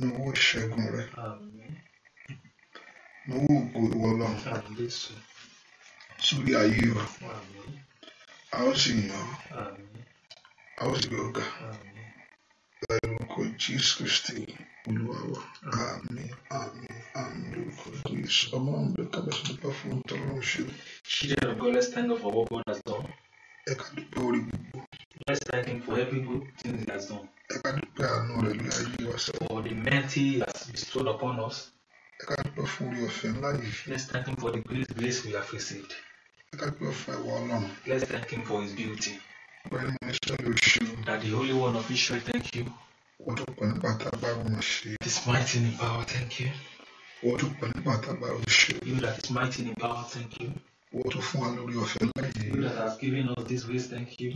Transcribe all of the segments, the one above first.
nawọ́ ìṣẹ́gun rẹ nawọ́ ògo ìwọ Ọlọ́run sórí ayé wa a ó sì yàn a ó sì gbọ̀gà lórúkọ Jésù Kristi Olúwa wa àmín àmín àmín lórúkọ Jésù ọmọ àwọn ọmọdé kábẹ́ sọ́dọ̀ bá fún un tọ́lọ́run ṣe. Children of God, let's thank God Ẹ ká dúpẹ́ orí gbogbo thank Him for every good thing he has done. Ẹ ká dúpẹ́ àánú rẹ̀ ní ayé wa sọ. For the mercy he has bestowed upon us. Ẹ ká dúpẹ́ fún orí ọ̀fẹ́ ńlá Let's thank him for the great grace we have received. Ẹ ká dúpẹ́ fún ẹwà Ọlọ́run. Let's thank him for his beauty. Ọ̀gbẹ́ni mi ṣẹ́lẹ̀ oṣù. That the Holy One of Israel thank you. Wọ́n dúpẹ́ nípa tábàrù mọ̀ ṣe. This mighty in power thank you. Wọ́n dúpẹ́ nípa tábàrù ṣe. You that is mighty in power thank you. Wọ́n tún fún wa lórí ọ̀fẹ́ You that has given us this grace thank you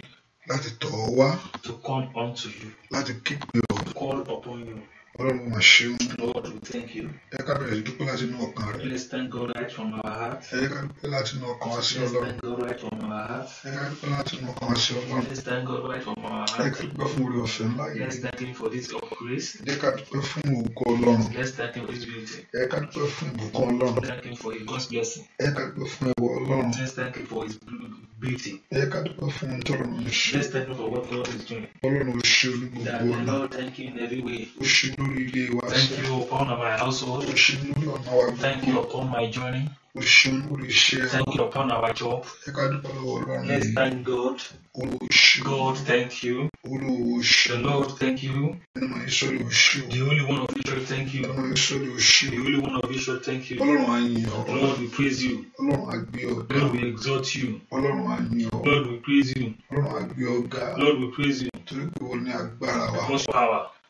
láti tọ̀ ọ́ wá. to come unto you. láti kígbe ọ́. to call upon you ọlọ́run mà ṣeun. Lord, we thank you. ẹ ká bẹ̀rẹ̀ dúpẹ́ láti inú ọkàn rẹ. thank God right from our heart. ẹ ká dúpẹ́ láti inú ọkàn wa sí ọlọ́run. thank God right from our heart. ẹ ká dúpẹ́ láti inú ọkàn wa sí ọlọ́run. thank God right from our heart. ẹ ká dúpẹ́ fún oore ọ̀fẹ́ ńlá yìí. thank him for this grace. ẹ ká dúpẹ́ fún ògo ọlọ́run. thank him for his beauty. ẹ ká dúpẹ́ fún ìbùkún ọlọ́run. thank him for his God's blessing. ẹ ká dúpẹ́ fún ẹwọ ọlọ́run. thank him for his beauty. ẹ ká dúpẹ́ fún ohun tọ́lọ́run ṣe. thank him for what God is doing. ọlọ́run ò ṣe olúgbogbo thank you in every way ilé wa. Thank you upon my household. O ṣe ọ̀nà wa Thank you upon my journey. O lórí iṣẹ́ Thank you upon our job. Ẹ ká dúpẹ́ lọ́wọ́ Ọlọ́run. Let's thank God. Olùṣe. God thank you. Olùṣe. The Lord thank you. Ẹnìmọ̀ yìí sọ̀rọ̀ òṣù. The only one of Israel thank you. Ẹnìmọ̀ yìí sọ̀rọ̀ òṣù. The only one of Israel thank you. Ọlọ́run á yìn Lord we praise you. Ọlọ́run á gbé Lord we exalt you. Ọlọ́run á yìn Lord we praise you. Ọlọ́run á gbé Lord we praise you. Torí pé o ní agbára wa. Because power.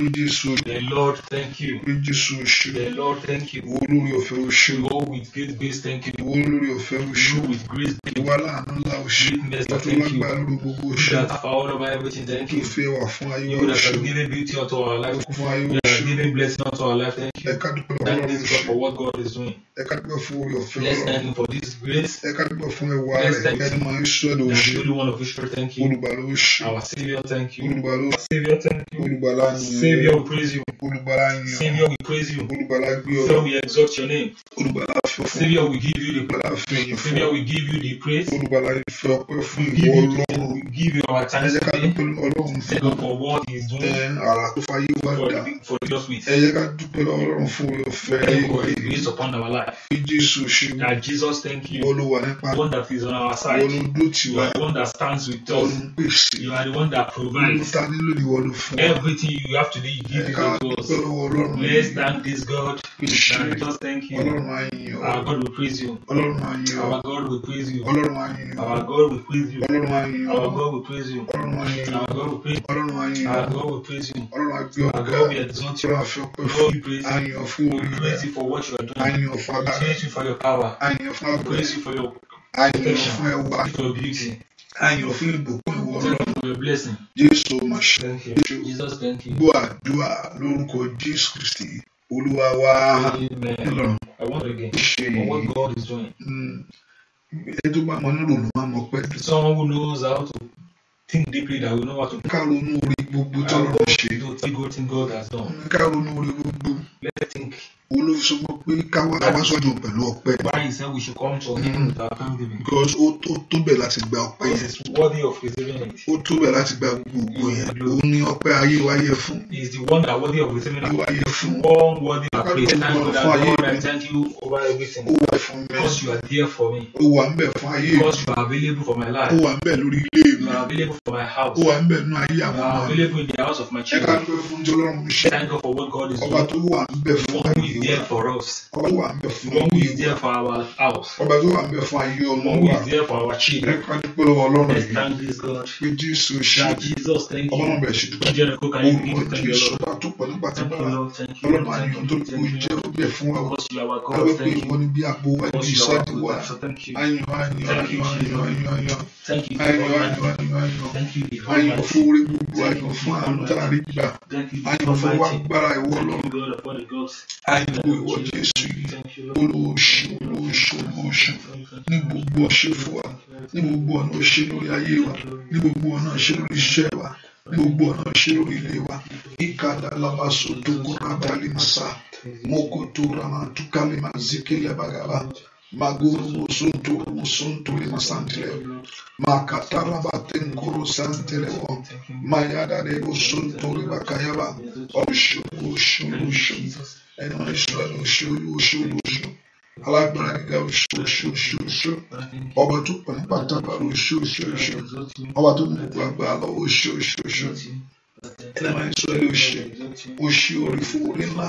In Jesus. The Lord, thank you. In Jesus. The Lord, thank you. Olórí ọ̀fẹ́ o ṣé. Go with great grace, thank you. Olórí ọ̀fẹ́ o ṣé. Go with great grace. Ìwà láàánú ńlá o ṣé. Greatness, thank you. Ìwà gbàgbọ́ gbogbo o ṣé. You that power over everything, thank you. Ìfẹ́ wà fún ayé o ṣé. You that have given beauty unto our life. Fún ayé o ṣé. You have given blessing unto our life, thank you. Ẹ̀ka dúpẹ́ lọ́wọ́ Thank you for what God is doing. Ẹ̀ka dúpẹ́ fún orí ọ̀fẹ́ Lord. Let's thank him for this grace. Ẹ̀ka dúpẹ́ fún ẹwà rẹ̀. Ẹni máa ń sọ ẹ̀dọ̀ o ṣé. Olùgbàlà o ṣé. Olùgbàlà o ṣé. Our saviour, thank you. Olùgbàlà o ṣé. Olùgbàlà o ṣé. Savior, we praise you. Savior, we praise you. Savior, we exalt your name. Savior, we give you the praise. Savior, we give you the praise. We give you, we give you our thanks today. for what he is doing. For, for just with. Thank you for the grace upon our life. That Jesus, thank you. The one that is on our side. You are the one that stands with us. You are the one that provides everything you have today. You give God glory. Let's thank this God. Just thank Him. Our God will praise you. Oh, Our God will praise you. Oh, Our God will praise you. Oh, Our God will praise you. Our God will praise you. Our God will praise you. Our God will exalt you. God will praise you. We praise you for what you are doing. We praise you for your power. We praise you for your protection, your beauty. And your feel your blessing. Jésù Màṣẹ́ Jésù. Jesus thank you. Dua, dua, lórúkọ Jésù Kristì Olúwa wa. I want again. Ṣé what God is doing. Hmm. Ẹ Someone who knows how to think deeply that will know how to gbogbo tọ́lọ́run ṣe. ká ronú orí gbogbo. let's think. olùsọ pé káwá káwá sọ́dọ̀ pẹ̀lú ọpẹ́. why he said we should come to him with our thanksgiving. because ó tó tó bẹ̀ láti gba ọpẹ́ yẹn. he is worthy of receiving it. ó tó bẹ̀ láti gba gbogbo yẹn. ó ní ọpẹ́ ayé wáyé fún. he is the one that worthy of receiving it. wáyé fún. one worthy of praise. thank you that I thank you over everything. ó wà fún mi. because you are there for me. ó wà ń fún ayé because you are available for my life. ó wà ń lórí ilé mi. you are available for my house. ó wà ń nínú ayé àwọn ọmọ mi relate in the house of my children. Thank God for what God is doing. One who is there for us. One who is there for our house. One who is there for our children. Let's thank this God. That Jesus, thank you. Jericho, you begin thank the Lord? Thank you, Lord. Thank you, Lord. Thank you, Lord. Thank you, Lord. Because you are God. Thank you. Because you are our God. Thank you. Thank you, Jesus. Thank you, Lord. Thank you, Lord. Thank you, Lord. Thank you, Lord àyọ̀ fún àánú tàbí gbà àyọ̀ fún wàgbára ìwọ Ọlọ́run àyọ̀ ìwọ Jésù olóòṣù olóòṣù olóòṣù ní gbogbo ọṣẹ fún wa ní gbogbo ọ̀nà ọṣẹ lórí ayé wa ní gbogbo ọ̀nà ọṣẹ lórí iṣẹ́ wa ní gbogbo ọ̀nà ọṣẹ lórí ilé wa ìkàdà labasodogo rabalima sa mokoto ramatukalima zikele bagaba. Maguru musunturu musunturi masantile. Makatara batenkuru santile. Mayada de musunturi bakayaba. Oshu, oshu, oshu. Ẹnu oṣù ẹnu oṣù oṣù oṣù. Alágbára gíga oṣù oṣù oṣù oṣù. Ọba tó pẹ̀lú pátákó oṣù oṣù oṣù. Ọba tó mú gbàgbà lọ oṣù oṣù oṣù. Ẹnu oṣù ẹnu oṣù. Oṣù orí fún orí lá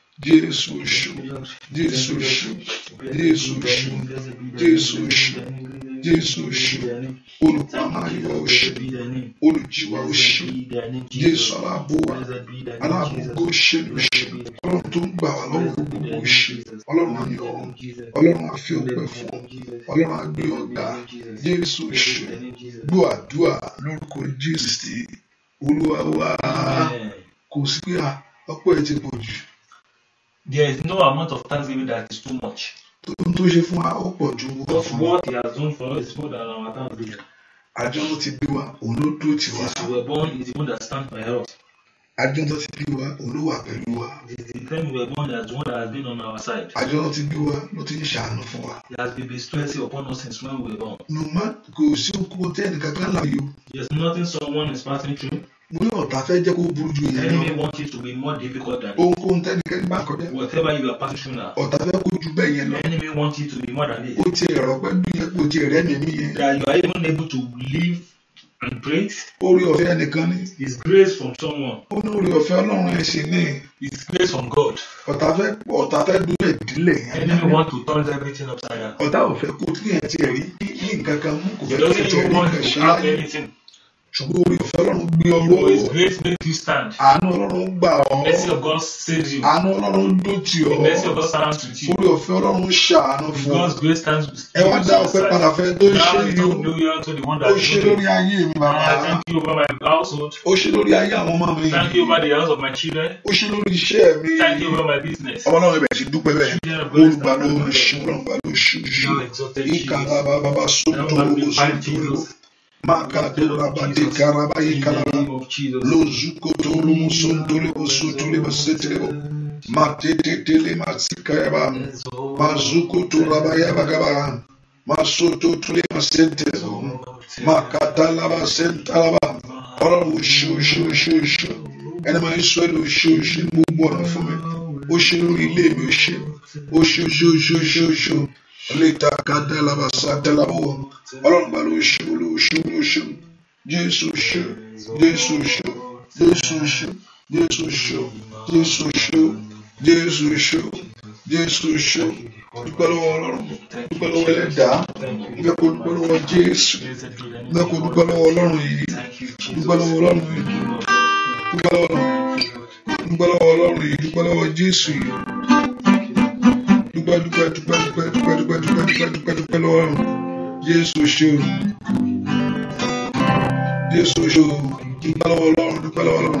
Jésù ṣu, Jésù ṣu, Jésù ṣu, Jésù ṣu, Jésù ṣu, olùpamọ́ ayọ̀ ṣu, olùjìwà ṣu, Jésù aláàbò wa, aláàbòkó ṣèlú ṣu, ọlọ́run tó ń gbà wá lọ́wọ́ gbogbo ṣu, ọlọ́run ayọ̀, ọlọ́run àfi ọpẹ́ fún, ọlọ́run àgbé ọ̀gá, Jésù ṣu, gbọ́ àdúrà lórúkọ wa, kò sí pé ọpẹ́ There is no amount of thanksgiving that is too much. Ohun tó ṣe fún wa ó pọ̀ ju wọ́n fún wa. What he has done for us is more than our thanksgiving. Àjọ tó ti bí wa, òun ló dúró wá. Since we were born, he is the one that stands by us. Àjọ tó ti bí wa, òun pẹ̀lú wa. The time we were born, he is the one that has been on our side. Àjọ tó ti bí wa, ló ti ń ṣàánú fún wa. He has been bestowing upon us since when we were born. No man, kò sí okun tẹ́ẹ̀nì kankan láàyò. There is nothing someone is passing through mo ní ọ̀tá fẹ́ jẹ́ kó burú ju èyí lọ. ohunkóhun tẹ́nikẹ́ni bá kọjá. ọ̀tá fẹ́ kó ju bẹ́ẹ̀ yẹn lọ. o ti ẹ̀rọ pẹ̀lú yẹn kó ti ẹ̀rẹ́ mi mi that you are even able to live and praise. orí ọ̀fẹ́ ẹnìkan ni. is grace from someone. ó ní orí ọ̀fẹ́ ọlọ́run ẹ̀ ṣe ní. is grace from God. ọ̀tá fẹ́ ọ̀tá fẹ́ dúró ìdílé yẹn. enemy want to turn everything upside down. ọ̀tá ò fẹ́ kó tí yẹn ṣùgbọ́n orí ọ̀fẹ́ ọlọ́run gbé ọrọ̀ o. grace make you stand. àánú ọlọ́run gbà ọ́. The mercy of God save you. àánú ọlọ́run dòtì ọ́. The mercy of God stands with you. orí ọ̀fẹ́ ọlọ́run ṣàánú fún ọ. God's grace stands with you. ẹ wá dá ọpẹ́ padà fẹ́ tó ṣe yìí ó ṣe lórí ayé mi bàbá. thank you over my household. ó ṣe lórí ayé àwọn ọmọ mi. Thank you over the house of my children. ó ṣe lórí iṣẹ́ mi. Thank you over my business. ibẹ̀ ti dúpẹ́ bẹ́ẹ̀. olùgbàlóhùn ṣùgbọ́n olùgbàlóhùn ṣùgbọ́n ìkàlà bàbá sódò Makadurabadi karabayi kalaba. Lozuko tolu musondole bosutule bosetelebo. Matetetele masikayaba. Mazuko turabaya bagaba. Masoto tule masentelebo. Makatalaba sentalaba. Ọlọ́run oṣù oṣù oṣù oṣù. Ẹni máa ń sọ èlò oṣù oṣù ní gbogbo ọ̀nà fún mi. Oṣù ilé mi oṣù. Oṣù oṣù oṣù oṣù oṣù lẹ́tà kàdálàbà sàtẹ́làbọ̀ ọlọ́run gbà ló ṣe ló ṣe ló ṣe jésù ṣe jésù ṣe jésù ṣe jésù ṣe jésù ṣe jésù ṣe jésù ṣe dúpẹ́ lọ́wọ́ ọlọ́run dúpẹ́ lọ́wọ́ ẹlẹ́dàá dúpẹ́ kó dúpẹ́ lọ́wọ́ jésù dúpẹ́ kó dúpẹ́ lọ́wọ́ ọlọ́run yìí dúpẹ́ lọ́wọ́ ọlọ́run yìí dúpẹ́ lọ́wọ́ ọlọ́run yìí dúpẹ́ lọ́wọ́ jésù yìí dúpẹ́ dúpẹ́ dúpẹ́ dúpẹ́ dúpẹ́ dúpẹ́ dúpẹ́ dúpẹ́ dúpẹ́ dúpẹ́ lọ́wọ́ Jésù dúpẹ́ lọ́wọ́ Ọlọ́run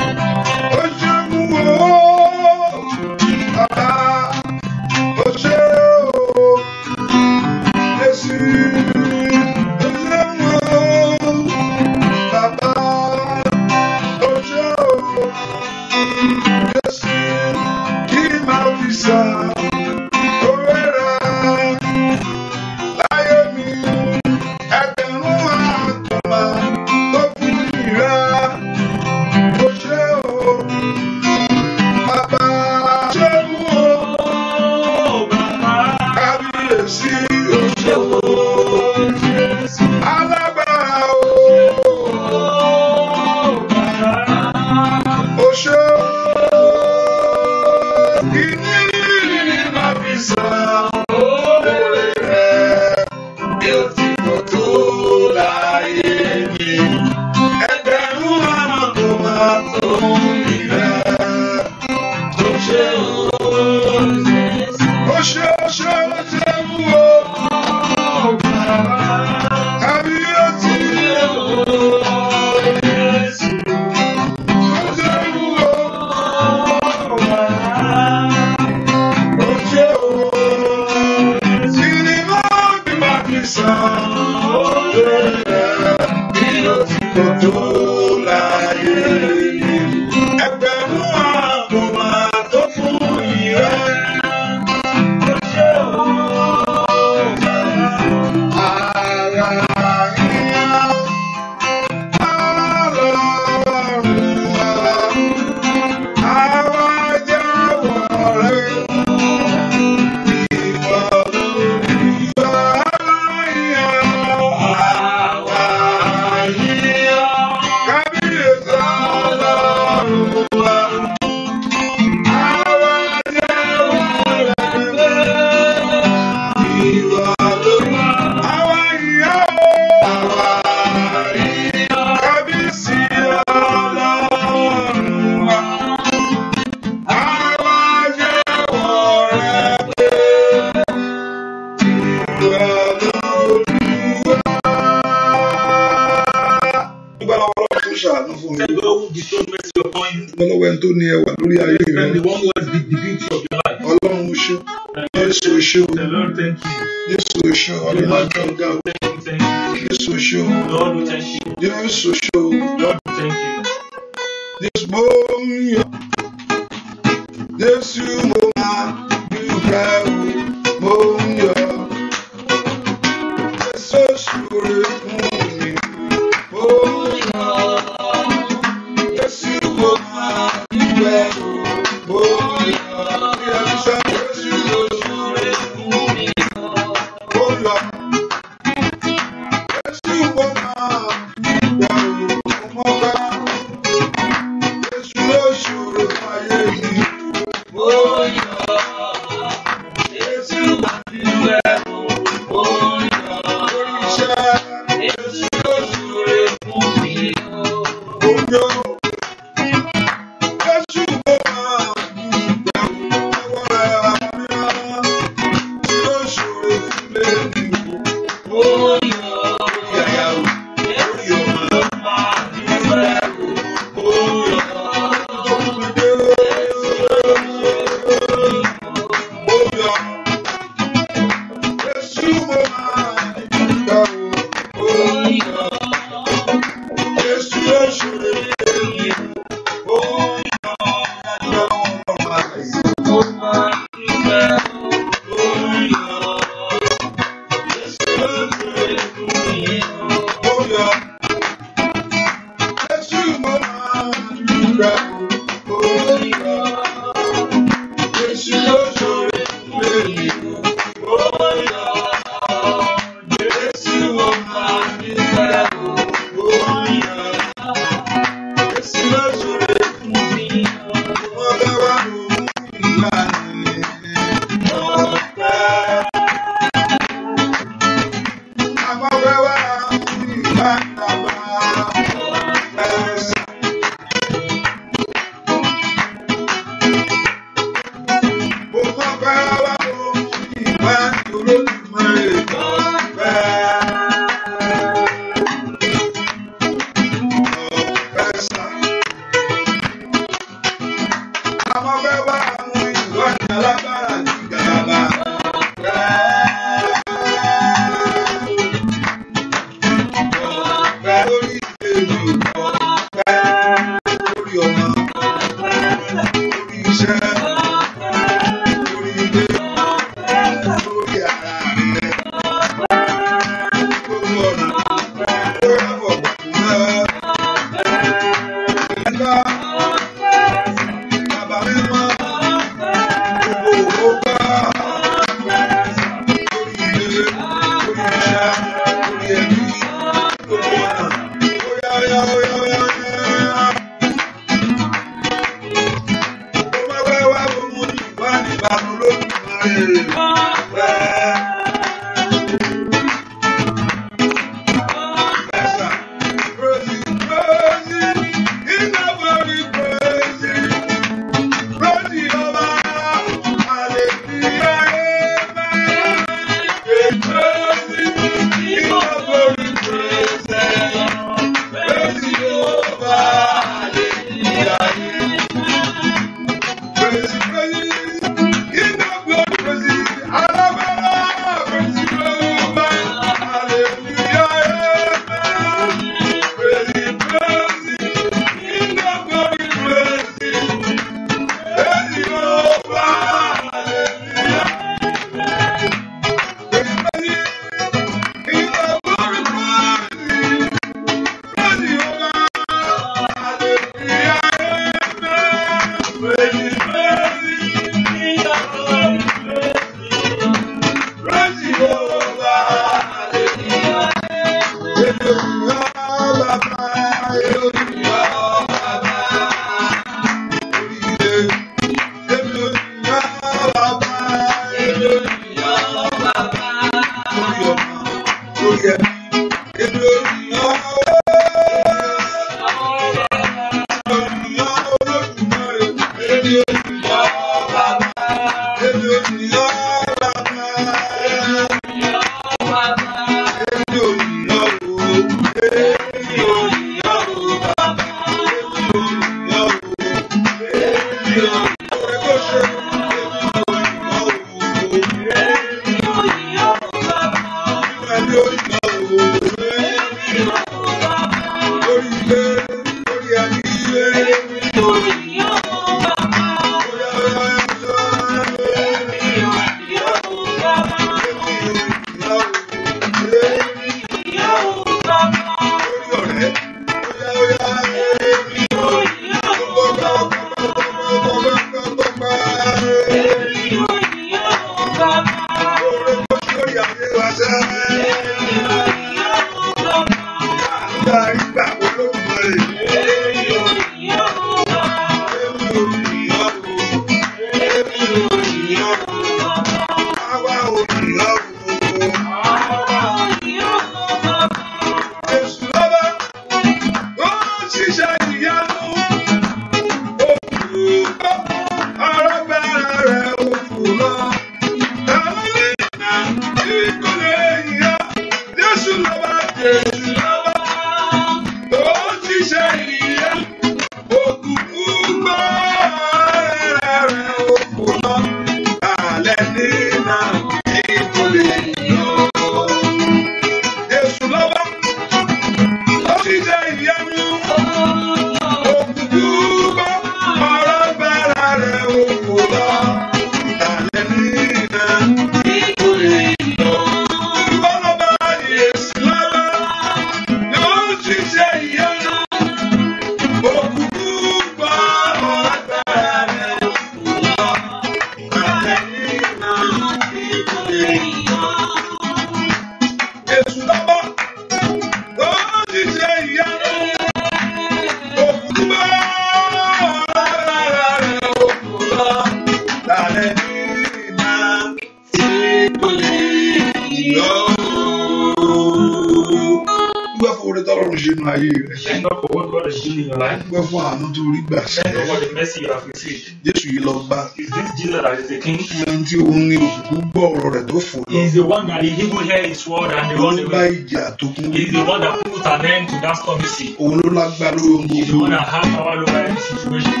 is the one that put an end to that stormy sea. òun ló lágbá lórí is the one that has power over any situation.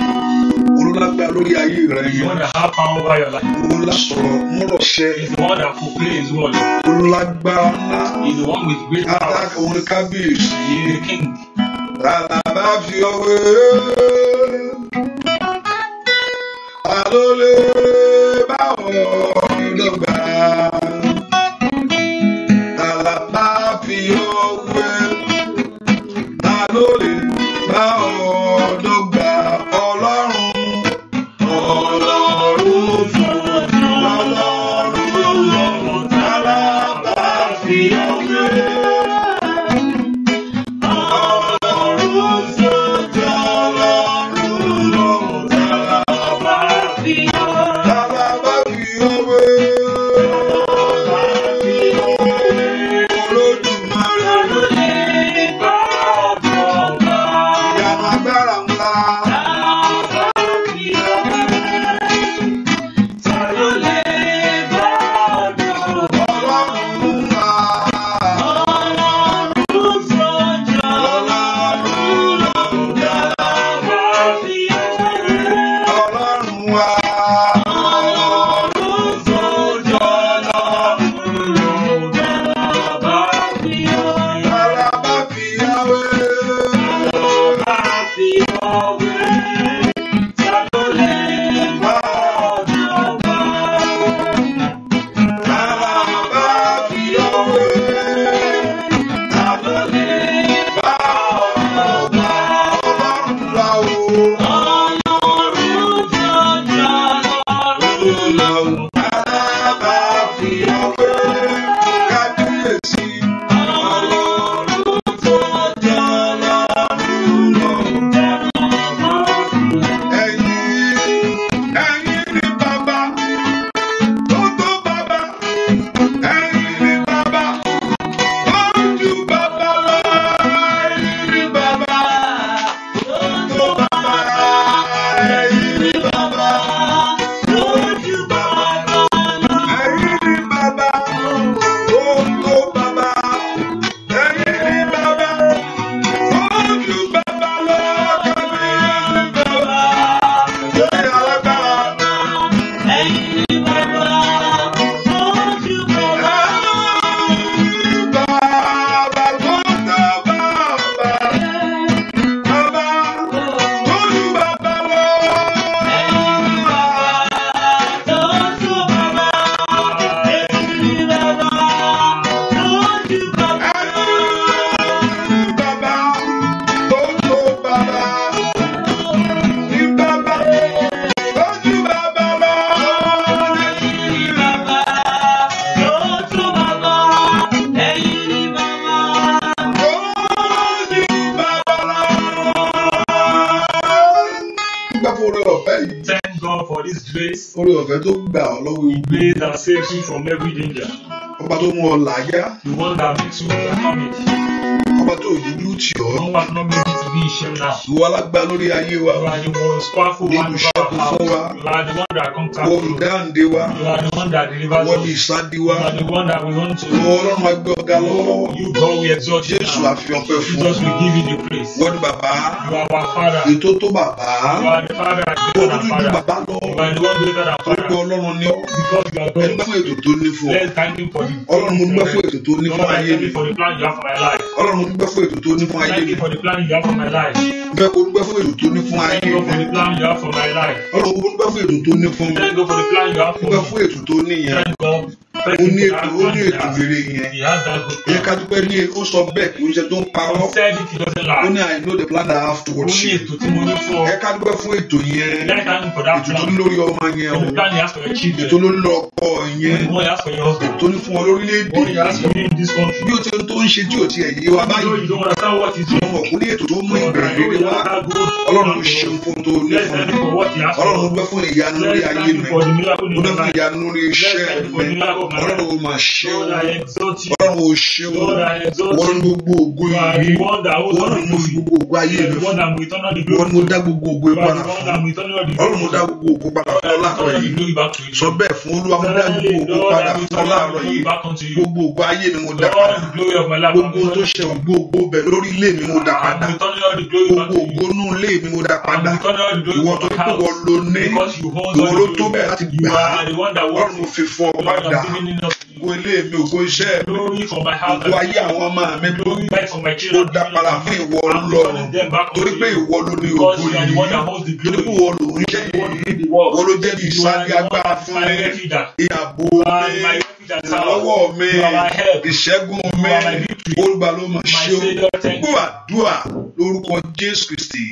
òun ló lágbá ayé rẹ. is the one that has power over your life. òun lá sọ̀rọ̀ múrọ̀ ṣẹ. is the one that fulfil his word. òun lágbá. is the one with great power. òun kábíyèsí. he is the king. tàbá fi ọwọ́. you. ọ̀fẹ́ tó gbà ọ́ lọ́wọ́ ibi. He that saves you from every danger. Ọba tó mú ọ làájá. The one that makes you family. Ọba tó ò dídú tì ọ́. No one no make it be shame now. Ìwọ alágbá lórí ayé wa. You are the most powerful one in our house. Fún wa. You are the one that contact us. Wọ́n dáǹde wa. You are the one that delivers us. Wọ́n ní wa. You are the one that we run to. Wọ́n ọlọ́run agbẹ́ ọ̀gá lọ́wọ́. You God we exalt you Jésù àfi ọpẹ́ fún. Jesus we give you the praise. Wọ́n ní bàbá. You are our father. Ètò tó bàbá. You are the father ju olórí ju bàbá lọ orúkọ ọlọ́run ni ọ́ ẹgbẹ́ fún ètò tó ní fún ọ ọlọ́run mo dúpẹ́ fún ètò tó ní fún ayé mi ọlọ́run mo dúpẹ́ fún ètò tó ní fún ayé mi bẹ́ẹ̀ kó dúpẹ́ fún ètò tó ní fún ayé mi ọlọ́run mo dúpẹ́ fún ètò tó ní fún mi dúpẹ́ fún ètò tó ní yẹn ó ní ètò ó ní ètò rere yẹn yẹ ká dúpẹ́ ní ó sọ bẹ́ẹ̀ kí oúnjẹ tó ń parọ́ ó ní I know the plan I have towards you yẹ ká dúpẹ́ fún ètò yẹn ètò tó ní lórí ọmọ yẹn o ètò ló ń lọ ọkọ yẹn ètò ní fún ọ lórílẹ̀‐èdè bí o ti ń tó ń ṣe tí o ti ẹ̀ yé wa báyìí ọmọ kò ní ètò tó mú ìgbà rere wá ọlọ́run ṣeun fún tó ní fún mi ọlọ́run dúpẹ́ fún ìyanu lórí ayé mi dúpẹ́ fún ìyanu lórí iṣẹ́ mi ọlọ́run ó máa ṣe ó ọlọ́run ó ṣe ó wọ́n ní gbogbo ògo yìí wọ́n ní gbogbo ògo ayé mi wọ́n ní dá gbogbo ògo ìpara ọlọ́run mo dá gbogbo ògo padà fọlá rẹ yìí sọ bẹ́ẹ̀ fún olúwa mo dá gbogbo ògo padà fọlá rẹ yìí gbogbo ògo ayé mi mo dá padà gbogbo tó ṣe gbogbo bẹ̀ lórí ilé mi mo dá padà gbogbo ògo nú ilé mi mo dá padà ìwọ tó kó wọ lo ìwọ ló tó bẹ̀ láti gbà ọlọ́run fi fọ ọ padà ògo ilé mi ògo iṣẹ́ mi ògo ayé àwọn ọmọ mi ó dá padà fún ìwọ Ọlọ́run torí pé ìwọ ló ní ògo yìí torí pé ìwọ ló ń jẹ́ yìí ìwọ ló jẹ́ bí ìsáájú agbára fún mi ìyàbò mi ìrànlọ́wọ́ mi ìṣẹ́gun mi olùgbàlómọ̀ ṣe o gbọ́ àdúrà lórúkọ Jésù Kristi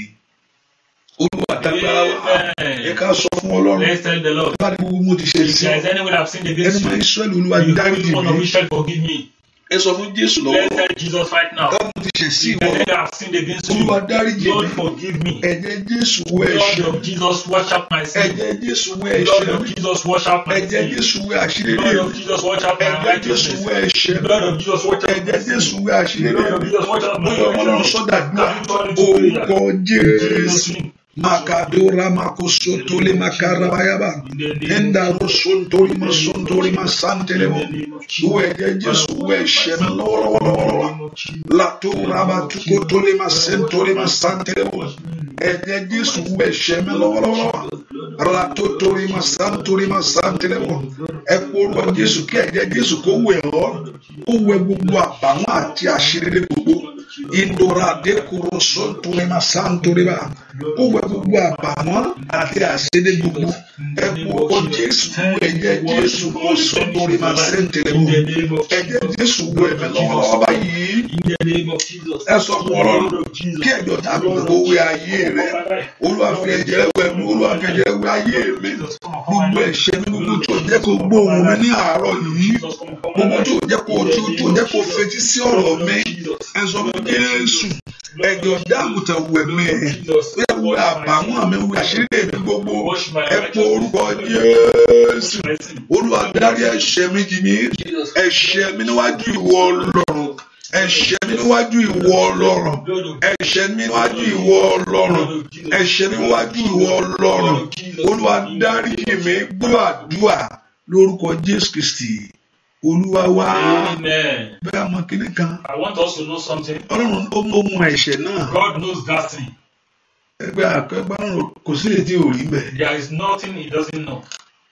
olúwa dágbára wa ẹ ká sọ fún ọlọ́run bá ní gbogbo mo ti ṣe sí ọ ẹnu mọ israẹli olúwa dáríjì mi ẹ sọ fún jésù lọ́wọ́ dábò ti ṣe sí ìwọ olúwa dáríjì mi ẹ̀jẹ̀ jésù wẹ̀ ẹ̀ṣẹ̀ ẹ̀jẹ̀ jésù wẹ̀ ẹ̀ṣẹ̀ ẹ̀jẹ̀ jésù wẹ̀ àṣírí ẹ̀jẹ̀ jésù wẹ̀ ẹ̀ṣẹ̀ ẹ̀jẹ̀ jésù wẹ̀ àṣírí bóyá ọlọ́run sọ́dà gbà orúkọ jésù. Makadora makosotole makarabayaba. Enda rosontoli masontoli masantelebo. Uwege Jesu uweshe melorolorolora. Latura batukotole masentoli masantelebo. Ege Jesu uweshe melorolorora. Ratotoli masantoli masantelebo. Ekoro Jesu kí ẹ̀jẹ̀ Jesu kó wẹ̀ ọ́. Ó wẹ̀ gbogbo àbàwọ́n àti àṣírí gbogbo indora indorade koroso torema san toreba kó wẹ gbogbo àbàmọ́ àti àṣẹdé gbogbo ẹkú ọkọ jésù ẹ̀jẹ̀ jésù kó sọ torema sẹńtẹrẹmù ẹ̀jẹ̀ jésù wẹ mẹlọmọ ọba yìí ẹ sọ fún Ọlọ́run kí ẹjọ tàbí gbogbo wẹ ayé rẹ olúwàfẹ ẹ̀jẹ̀ rẹ wẹ mi olúwàfẹ ẹ̀jẹ̀ rẹ wẹ ayé mi gbogbo ẹ̀ṣẹ̀ mi gbogbo e tó jẹ́ kó gbóhùn mi ní àárọ̀ yìí gbogbo tó jẹ́ kó ojú tó jẹ́ kó fetí sí ọ̀rọ̀ mi ẹ sọ fún Jésù ẹjọ dáàbòtà wù ẹ̀mí ẹ̀ bóyá wù àbàwọ́n àmì wù àṣírí èmi gbogbo ẹ pọ orúkọ Jésù Olúwa dárí ẹ̀ṣẹ̀ mi jì mí ẹ̀ṣẹ̀ mi níwájú ìwọ Ọlọ́run ẹ̀ṣẹ̀ mi níwájú ìwọ Ọlọ́run ẹ̀ṣẹ̀ mi níwájú ìwọ Ọlọ́run ẹ̀ṣẹ̀ mi níwájú ìwọ Ọlọ́run Olúwa dárí mi gbọ́ àdúrà lórúkọ Jésù Kristi olúwa wá bẹ́ẹ̀ mọ kíní kan. I want us to know something. ọlọ́run ó mọ ohun ẹ̀ṣẹ̀ náà. God knows that thing. ẹgbẹ́ àkẹ́gbọ́n kò sí lè tí ò rí There is nothing he doesn't know.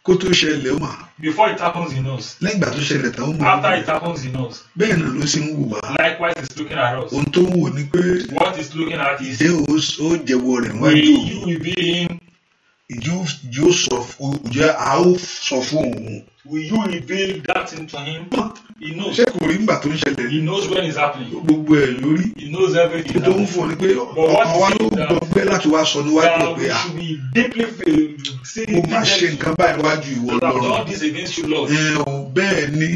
kó tó ṣẹlẹ̀ ó mà. Before it happens he knows. lẹ́yìn ìgbà tó ṣẹlẹ̀ tán ó mọ̀. After it happens he knows. bẹ́ẹ̀ náà ló ṣe ń wù wá. Likewise he is looking at us. ohun tó ń wò ni pé. What he is looking at is. ṣé ó jẹ́wọ́ rẹ̀ wájú. Will you be him yóò sọ fún jẹ́ a ó sọ Will you reveal that thing to him? He knows. Ṣé kò rí nígbà tó ń ṣẹlẹ̀ He knows when it's happening. Gbogbo ẹ̀ lórí. He knows everything. Ètò ń fún ọ ni pé ọkàn wa ló dọgbẹ́ láti wá sọ níwájú ọ̀gbẹ́ ah, à. Mo máa ṣe nǹkan báyìí wájú ìwọ lọ́rùn. Ẹ ò bẹ́ẹ̀ ni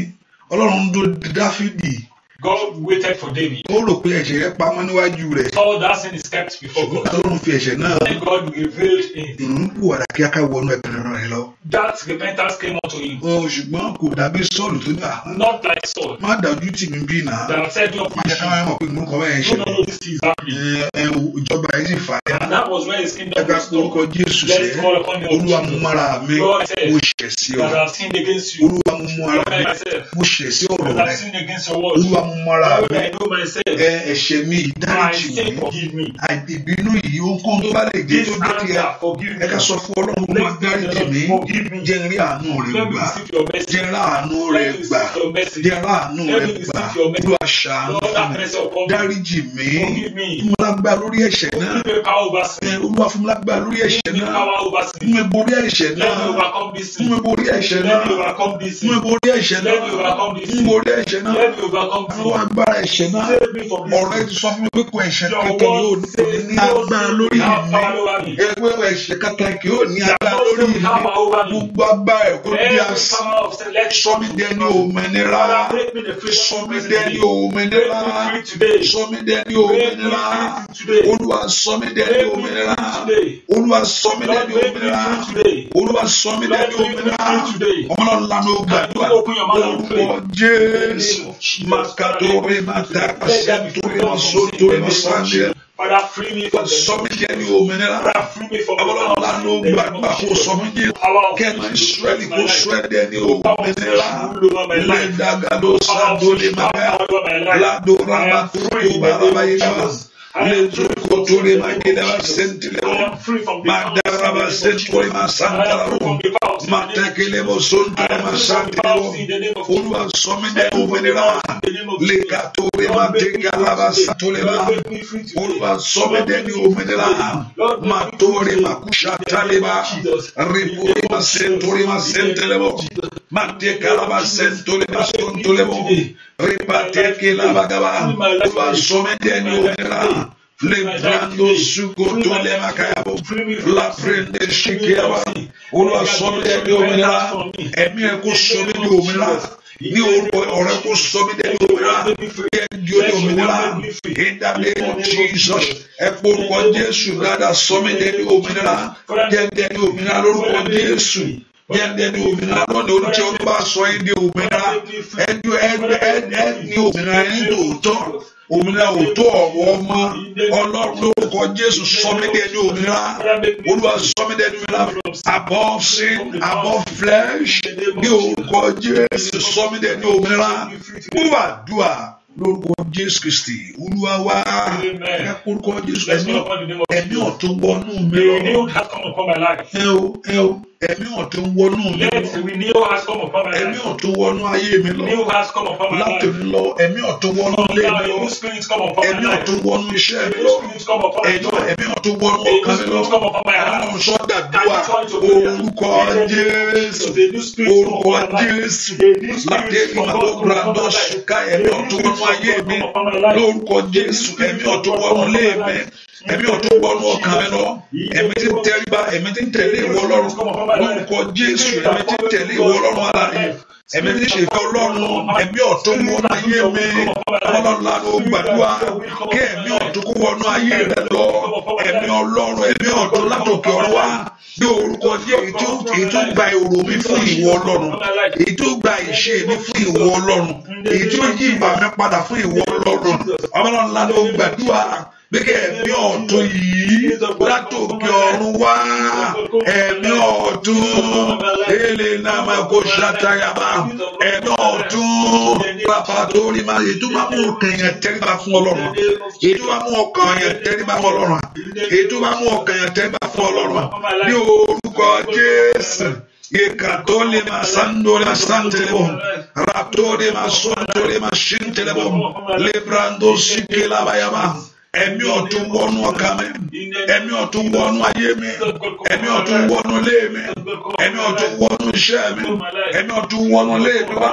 Ọlọ́run dó Dáfídì. God waited for David. Ó rò pé ẹ̀ṣẹ̀ rẹ̀ pamọ́ níwájú rẹ̀. All that sin is kept before God. Ṣùgbọ́n Ọlọ́run fi ẹ̀ṣẹ̀ náà. Then God revealed him. Ìrúnkù àrà kíákà wọnú ẹ̀pẹ̀rẹ̀ rẹ̀ lọ. That repentance came unto him. Ó ṣùgbọ́n kò dàbí Sọ́ọ̀lù tó dà. Not like Saul. Má dàjú tì mí bí náà. That said your passion. Má jẹ́ káwọn mọ̀ pé mo kọ́ bẹ́ẹ̀ ṣe. No no this is happening. Ẹ ìjọba ẹ̀ sì fà á. And that was when his kingdom was restored. Ẹgbẹ́ orúkọ Jésù sẹ́. Olúwa mú mara mi. Mo ṣẹ̀ sí ọ. Olúwa mú mara mi. Mo ṣẹ̀ sí ọ̀rọ̀ rẹ̀. Olúwa mo mọ́ra mi ẹ ẹ̀ṣẹ̀ mi yìí dáríjì mi ìbínú yìí ó kó tó bá lè jẹ́ tó dé tiẹ̀ ẹ ká sọ fún ọlọ́run má dáríjì mi jẹ́ rí àánú rẹ̀ gbà jẹ́ rí àánú gbà jẹ́ rí àánú rẹ̀ gbà ló aṣàánú fún mi dáríjì mi múlágbá lórí ẹ̀ṣẹ̀ náà olúwa fún múlágbá lórí ẹ̀ṣẹ̀ náà mú borí ẹ̀ṣẹ̀ náà mú borí ẹ̀ṣẹ̀ náà mú borí ẹ̀ṣẹ̀ náà mú borí ẹ̀ṣẹ̀ náà àánú agbára ẹ̀ṣẹ̀ náà ọ̀rọ̀ ẹ ti sọ fún mi pé kò ẹ̀ṣẹ̀ kankan yóò ní agbára lórí mi ẹgbẹ́ ẹ̀ṣẹ̀ kankan kì yóò ní agbára lórí mi gbogbo agbára ẹ̀kọ́ bí a sọ mí dẹni òmìnira sọ mí dẹni òmìnira sọ mí dẹni òmìnira olúwa sọ mí dẹni òmìnira olúwa sọ mí dẹni òmìnira olúwa sọ mí dẹni òmìnira ọmọlọ́ọ̀lá mi ò gbàdúrà orúkọ jésù màkà. Katore Mataka Santure Masotore Masandia. Father, free me from sọmi jẹ ni òmìnira. Father, free me from Ọlọ́run lánàá ó gbàgbà kó sọmi jẹ. Kẹ́mi Ísírẹ́lì kó Ísírẹ́lì ní òmìnira. Lẹ́dàgàdo Sandole Mabẹ́. Ládò Rabatúrò Bàbá Yéṣà lezuko tuli magidaba sentilebo madaraba sentuli masantalabo matekelebo sontuli masantalabo olúwa sọmi ní kúmìnira lekatore matekalaba satoleba olúwa sọmi ní kúmìnira matore masentelebo matekalaba sentuli masontolebo. Ripateki la bagaba. Uba somede ni ukera. Lebrando suko to le makayabo. La prende shikiawa. Uba somede ni ukera. Emi eko somede ni ukera. ní orúkọ ọ̀rẹ́ kò sọ mí dẹ́bi òmìnira yẹ di omi òmìnira ìdàlẹ́ Jesus ẹ kó orúkọ Jésù dáadáa sọ mí dẹ́bi òmìnira jẹ́ dẹ́bi òmìnira lórúkọ Jésù yɛde ne omina no ne ɔno kyɛ ɔno ba asɔre de omina ɛdu ɛdu ɛni omina ɛni òótọ́ omina òótọ́ ọmọ ọlọ́run kọ jésù sọmídé ní omina olúwa sọmídé ní omina above sin above flesh ní orúkọ jésù sọmídé ní omina move àdúrà lórúkọ jésù kristi olúwa wá ẹ kórúkọ jésù ẹ̀mí ọ̀tún wọnú mi lọ ẹ o ẹ o. Ẹ̀mí ọ̀tún wọnú mi lọ. Ẹ̀mí ọ̀tún wọnú ayé mi lọ. Láti mi lọ, ẹ̀mí ọ̀tún wọnú ilé mi lọ. Ẹ̀mí ọ̀tún wọnú iṣẹ́ mi lọ. Ẹ̀jọ̀ ẹ̀mí ọ̀tún wọnú ọkàn mi lọ. Ọlọ́run sọ dàdúrà orúkọ Jésù. Orúkọ Jésù. Láti mi lọ gbàdọ̀ ṣùkà ẹ̀mí ọ̀tún wọnú ayé mi. Lórúkọ Jésù ẹ̀mí ọ̀tún wọnú ilé mi ẹ̀mí ọ̀tún wọnú ọkàn rẹ lọ ẹ̀mí tí ń tẹríba ẹ̀mí tí ń tẹ̀lé ìwọ ọlọ́run lórúkọ jésù ẹ̀mí tí ń tẹ̀lé ìwọ ọlọ́run ara rẹ ẹ̀mí tí ń ṣe ìfẹ́ ọlọ́run ẹ̀mí ọ̀tún wọ ayé mi ọlọ́run lára ó gbàdúrà kí ẹ̀mí ọ̀tún kó wọnú ayé rẹ lọ ẹ̀mí ọlọ́run ẹ̀mí ọ̀tún látòkè ọ̀run wá bí orúkọ jẹ́ èyí tó gba èrò mi fún ìwọ ọlọ́run èyí tó gba ìṣe mi fún ìwọ ọlọ́run èyí tó yí ìbà padà fún ìwọ ọlọ́run ọlọ́run lára ó bí ẹ̀mí ọ̀tun yìí látòkè ọ̀run wá ẹ̀mí ọ̀tun ele nama kò ṣàtàyàmá ẹ̀mí ọ̀tun bàbá tó rí ma ètò máa mú ọkàn yẹn tẹ́ríba fún ọlọ́run ètò máa mú ọkàn yẹn tẹ́ríba fún ọlọ́run ètò máa mú ọkàn yẹn tẹ́ríba fún ọlọ́run ní orúkọ Jésù. Ikatole masando la santelebom, ratore masonto le mashintelebom, lebrando sikela bayama, ẹ̀mí ọ̀tun wọnú ọkàn mi ẹ̀mí ọ̀tun wọnú ayé mi ẹ̀mí ọ̀tun wọnú ilé mi ẹ̀mí ọ̀tun wọnú iṣẹ́ mi ẹ̀mí ọ̀tun wọnú ilé mi wá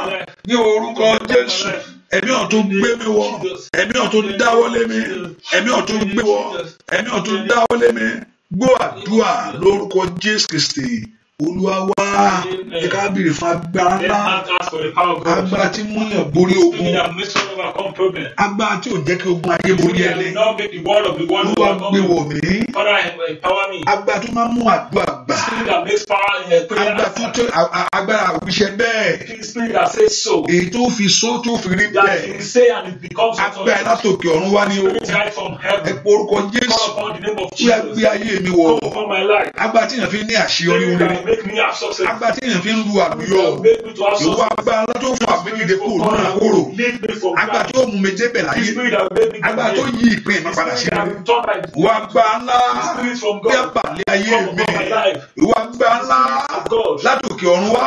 ní orúkọ Jésù ẹ̀mí ọ̀tun gbé mi wọ ẹ̀mí ọ̀tun dáwọ́lé mi ẹ̀mí ọ̀tun gbé wọ ẹ̀mí ọ̀tun dáwọ́lé mi gbọ́ àdúrà lórúkọ Jésù Kristi olúwa wá ẹ ká béèrè fún agbára ńlá agbára tí mú yàn borí ogun agbára tí ò jẹ́ kí ogun ayé borí ẹni olúwa gbé wọ̀ mí agbára tó máa mú àdúrà gbà eh, agbára tó tẹ agbára òbíṣẹ bẹ́ẹ̀ èyí tó fi sọ tó fi rí bẹ́ẹ̀ agbára látòkè ọ̀run wá ní o ẹ pé orúkọ Jésù tí a gbé ayé mi wọ̀ agbára tí yàn fi ní àṣeyọrí orin. Make me success. agbá tí èèyàn fi ń lu àlùyọ ìwọ agbára tó fún àgbédìde kò lọ́nà kóró agbá tó mú mi débẹ̀ láyé agbá tó yí ìpín mi padà sí mi ìwọ agbá ńlá bí abalẹ̀ ayé mi ìwọ agbá ńlá látòkè ọ̀run wá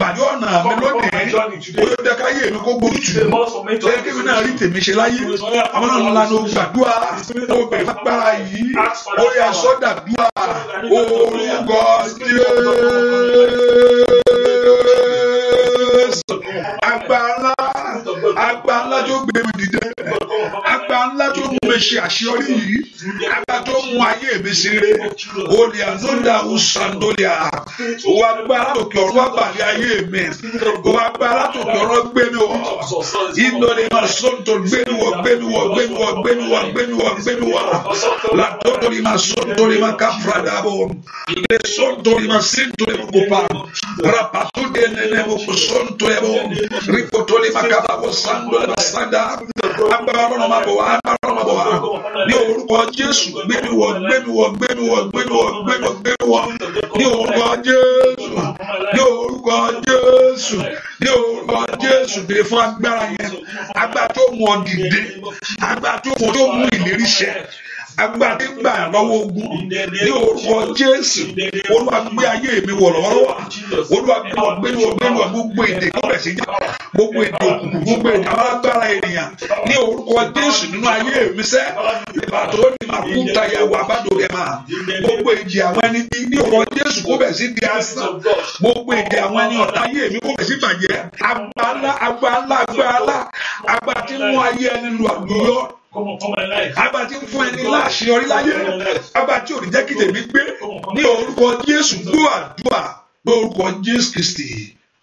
pàdé um, ọ̀nà mi lónìí oyè dẹ́ka yé mi kó gbójú tù ẹ kí mi náà rí tèmi ṣe láyé àwọn náà ńlá ló gbàdúrà ó bẹ̀rẹ̀ agbára yìí ó yà sọ́dà dúà orúkọ tí ó. Jésù agbára agbára jó gbé ṣe àṣeyọrí yìí ẹgbẹ́ tó mú ayé mi sí re olè ànúdà ọ̀sàndóyà wà gbá látòkè ọ̀rọ̀ wà bàlẹ̀ ayé mi wà gbá látòkè ọ̀rọ̀ gbéni wọ̀ ìdọ̀lẹ̀ máa sọ̀tọ̀ gbéni wọ̀ gbéni wọ̀ gbéni wọ̀ gbéni wọ̀ gbéni wọ̀ gbéni wọ̀ látọ̀tọ̀lẹ̀ máa sọ̀tọ̀lẹ̀ máa ká fúradà bọ̀ lè sọ̀tọ̀lẹ̀ máa sẹ̀tọ̀lẹ̀ máa kópa rapatu dẹnẹnẹ mo sọ̀tọ̀lẹ̀ bọ̀ rikotọ̀lẹ̀ máa ká bọ̀ wá ní orúkọ Jésù gbẹmíwọ gbẹmíwọ gbẹmíwọ gbẹmíwọ gbẹmíwọ gbẹmíwọ ní orúkọ Jésù ní orúkọ Jésù ní orúkọ Jésù bèrè fún agbára yẹn agbára tó mú ọ dìde agbára tó mú ìlérí ṣẹ agbára gbà lọ́wọ́ ogun ní orúkọ jésù olúwa gbé ayé mi wọ̀ lọ́wọ́ olúwa gbé ọgbẹ́ ní ọgbẹ́ ní gbogbo èdè kọ́lẹ̀ sí jà gbogbo èdè òkùnkùn gbogbo èdè alágbára ènìyàn ní orúkọ jésù nínú ayé mi sẹ́ ìbàtò ní màkúta yàwó abádòrè mà gbogbo èdè àwọn ẹni bí ní orúkọ jésù kó bẹ̀ sí di asán gbogbo èdè àwọn ẹni ọ̀tá ayé mi kó bẹ̀ sí bàjẹ́ agbára agbára agbára agbára tí mú ayé ẹni lu àlùyọ Agba tí ń fún ẹni láṣeyọrí láyé. Agba tí ò ní jẹ́ kí tèmi gbé. Ní orúkọ Jésù gbọ́ àdúrà. Ní orúkọ Jésù Kristi.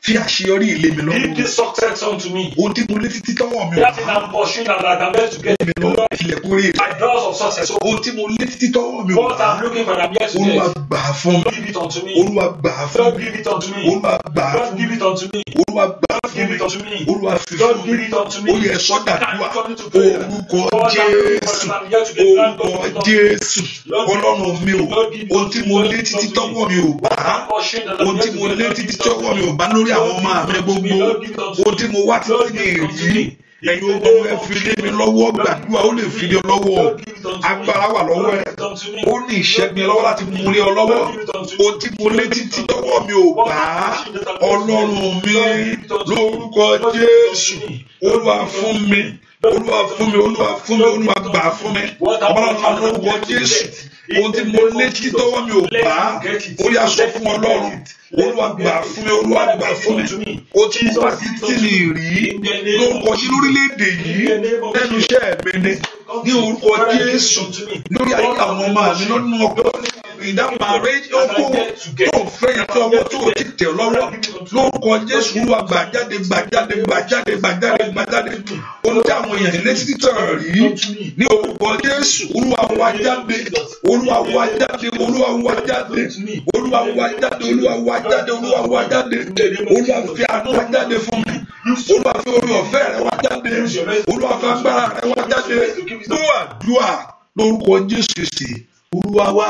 fi àṣeyọrí ilé mi lọ́wọ́. Give this success unto me. O dín mo létí tí tọ́wọ́ mi That is I'm pursuing and that I'm meant to get. Ilé mi lọ́wọ́ ilẹ̀kùn rè. My doors of success. O dín mo létí tí tọ́wọ́ mi wá. What I'm looking for I'm yet to get. Olúwa gbà á fún mi. Don't give it unto me. Olúwa gbà á fún mi. Don't give it unto me. Olúwa gbà á fún mi. Don't give it unto me. Olúwa gbà á fún mi. Olúwa fi fún mi. O yẹ sọ́dà dùà. Orúkọ Jésù. Orúkọ Jésù. Ọlọ́run mi o. O dín mo létí tí tọ́wọ́ mi ò bá. O dín mo létí tí tọ́wọ́ mi lórí àwọn ọmọ mi gbogbo ohun tí mo wá títí ní èyí ẹ̀yin ogun ẹ fi lé mi lọ́wọ́ gbàdúrà ó lè fi lé ọ lọ́wọ́ agbára wà lọ́wọ́ ẹ ó ní ìṣẹ́gun lọ́wọ́ láti mú lé ọ lọ́wọ́ ohun tí mo lé títí lọ́wọ́ mi ò bá ọlọ́run mi lórúkọ Jésù olúwa fún mi olúwa fún mi olúwa fún mi olúwa gbà fún mi ọlọ́run lórúkọ jésù ohun tí mo létí tọ́wọ́ mi ò bá ó yá fún ọlọ́run olúwa gbà fún mi olúwa gbà fún mi ó ti ń bá títí lè rí lórúkọ sí lórílẹ̀‐èdè yìí lẹ́nu iṣẹ́ mi ni ní orúkọ jésù lórí ayé àwọn ọmọ mi lọ́nà ọgbọ́n in that marriage okòwò tó fẹ́ yẹn fẹ́ ọwọ́ tó ti tẹ̀ lọ́wọ́ lórúkọ Jésù Olúwa gbàjáde gbàjáde gbàjáde gbàjáde gbàjáde ohun tí àwọn èèyàn lè ti tàn rí ní orúkọ Jésù Olúwa wá jáde Olúwa wá jáde Olúwa wá jáde Olúwa wá jáde Olúwa wá jáde Olúwa wá jáde Olúwa fi àánú wá jáde fún mi Olúwa fi orí ọ̀fẹ́ rẹ wá jáde Olúwa fi agbára rẹ wá jáde dúwàdúwà lórúkọ Jésù Kristi olúwa wá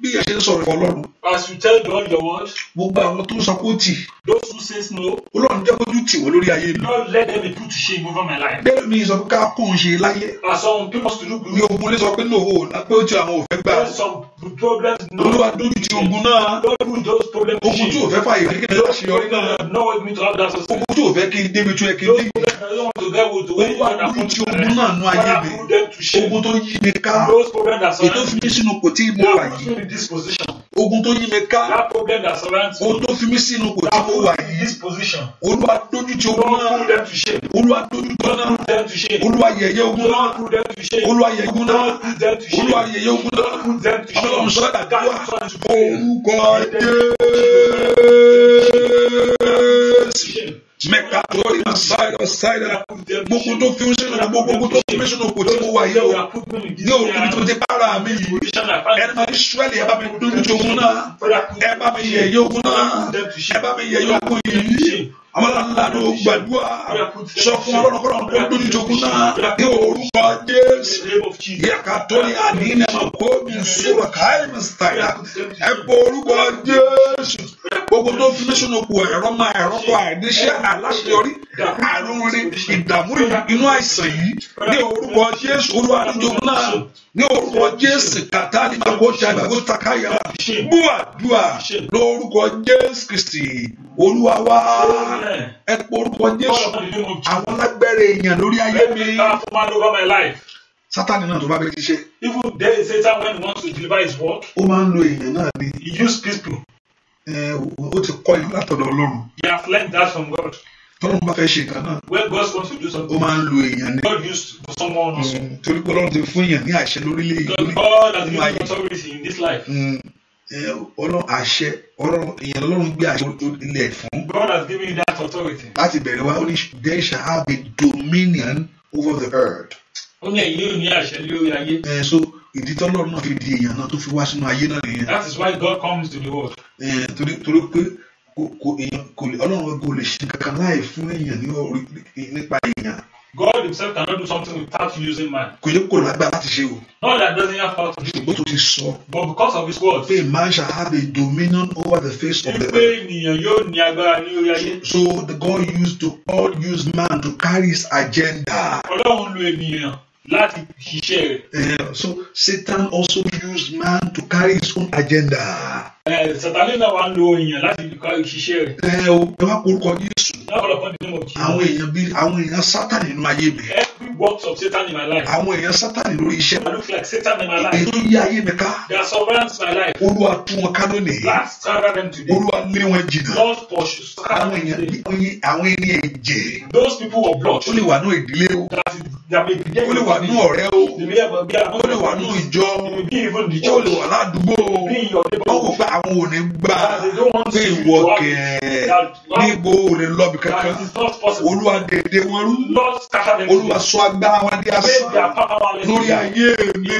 bí a ṣe ń sọ̀rọ̀ ọlọ́run as you tell God your word. gbogbo àwọn tó ń sọ pé ó tì. those who says no. Ọlọ́run jẹ́ kójú tì wọ́n lórí ayé mi. Lord let them be put to shame over my life. bẹ́ẹ̀ mi sọ pé ká kó ń ṣe láyé. as some people to do good. ní ogun lè sọ pé no o na pé ó ti àwọn òfẹ́ gbà. there are some problems. olúwa dójú ti ogun náà. Lord do those problems. ogun tí o fẹ́ fà yìí kí ni láti yọrí náà. no want me to have that success. ogun tí o fẹ́ kí n débi tó yẹ kí n débi. olúwa dójú ti ogun náà nú ayé mi. ogun tó yí mi ká. ètò fi mí sínú kò tí ì mú wà yìí ogun tó yí mi ká. that problem that surrounds me. ohun tó fi mí sínú kò tí mo wà yìí. this position. olúwa dójú ti ogun náà. don't put them to shame. olúwa dójú ti ogun náà. don't put them to shame. olúwa yẹ̀yẹ́ ogun náà. don't put them to shame. olúwa yẹ̀yẹ́ ogun náà. don't put them to shame. olúwa yẹ̀yẹ́ ogun náà. don't put them to shame. ọlọ́run sọ́dà tó wà. orúkọ jésù mẹkàtọ́rì náà sáyọ sáyọ gbogbo tó fi ń ṣẹlẹ̀ gbogbo tó fi ń ṣẹlẹ̀ kò tí mo wà yẹ o ní òun níbi tó ti para mi yìí ẹni máa mi dúró ju òun náà ẹ mi yẹ yẹ òun náà ẹ mi yẹ yẹ òun yìí amọ̀láńlá ló gbàdúrà sọ fún ọlọ́run kọ́ ló dún jogun náà ní orúkọ jésù yàtọ̀ ní àníyàn máa kó mi sọ̀rọ̀ káyọ̀ mi sàyà ẹ bọ orúkọ jésù gbogbo tó fi mí sínú kù ẹ̀rọ máa ẹ̀rọ kọ àìníṣẹ́ aláṣeyọrí àrùn rí ìdààmú inú àìsàn yìí ní orúkọ jésù olúwa dún jogun náà ní orúkọ jésù kàtà ní màgò ṣàgbàgbò takaya mú àdúrà lórúkọ jésù kristi olúwa wa ẹ pọ orúkọ jésù àwọn alágbẹ̀rẹ̀ èèyàn lórí ayé mi sátani náà tó bá bẹ ti ṣe. even then satan when he wants to deliver his work. ó máa ń lo èèyàn náà ni. he use people. ẹ o ti kọ́ ìlú látọ̀dọ̀ ọlọ́run. he has learned that from God tọ́lọ́run bá fẹ́ ṣe nǹkan náà. where God wants to do something. ó máa ń lo èèyàn ni. God used to someone else. Mm, torí pé ọlọ́run ti fún èèyàn ní àṣẹ lórílẹ̀ èdè. because God has given authority in this life. Mm, ọlọ́run àṣẹ ọlọ́run èèyàn lọ́lọ́run gbé àṣẹ ilẹ̀ fún. God has given you that authority. láti bẹ̀rẹ̀ wá ó ní they shall have a dominion over the earth. ó ní ẹ̀yin ò ní àṣẹ lórí ayé. so ìdí tọ́lọ́run náà fi di èèyàn náà tó fi wá sínú ayé náà nìyẹn. that is why God comes to the world. torí torí pé ọlọ́run kò lè ṣe kankan láì fún èèyàn nípa èèyàn. God himself cannot do something without using man. Kò yẹ kó lágbára láti ṣe o. Not that doesn't have power to do. Ṣùgbọ́n tó ti sọ. But because of his word. Pé man shall have a dominion over the face of the earth. Ìpè ènìyàn yóò ní agbára ní orí ayé. So the God used to God used man to carry his agenda. Ọlọ́run lo ènìyàn láti ṣiṣẹ́ rẹ̀. So Satan also used man to carry his own agenda. Eh, sàtàlẹ́ wà ń lo èèyàn láti kọ́ ìṣiṣẹ́ rẹ̀. ẹ eh, o ẹ wá porúkọ Jésù. àwọn èèyàn bíi àwọn èèyàn sátani nínú ayé mi. every box of Satan in my life. àwọn èèyàn sátani lórí iṣẹ́. I look like Satan in my life. èyí tó yí ayé mi ká. they are my life. Olúwa tún wọn ká lónìí. last scatter them today. Olúwa lé wọn jìnnà. Lord pursue scatter them today. àwọn èèyàn àwọn ẹni ẹ̀jẹ̀. those people of blood. ó lè wà ní ìdílé o. ó lè wà ní ọ̀rẹ́ o. ó lè wà ní ìjọ. ó lè wà ládùúgbò. ó wò àwọn ò ní gbà pé ìwọ kẹ̀ẹ́ níbo ò ní lọ́bì kankan olúwa dèdè wọn rú olúwa sọ agbára wọn di asán lórí ayé mi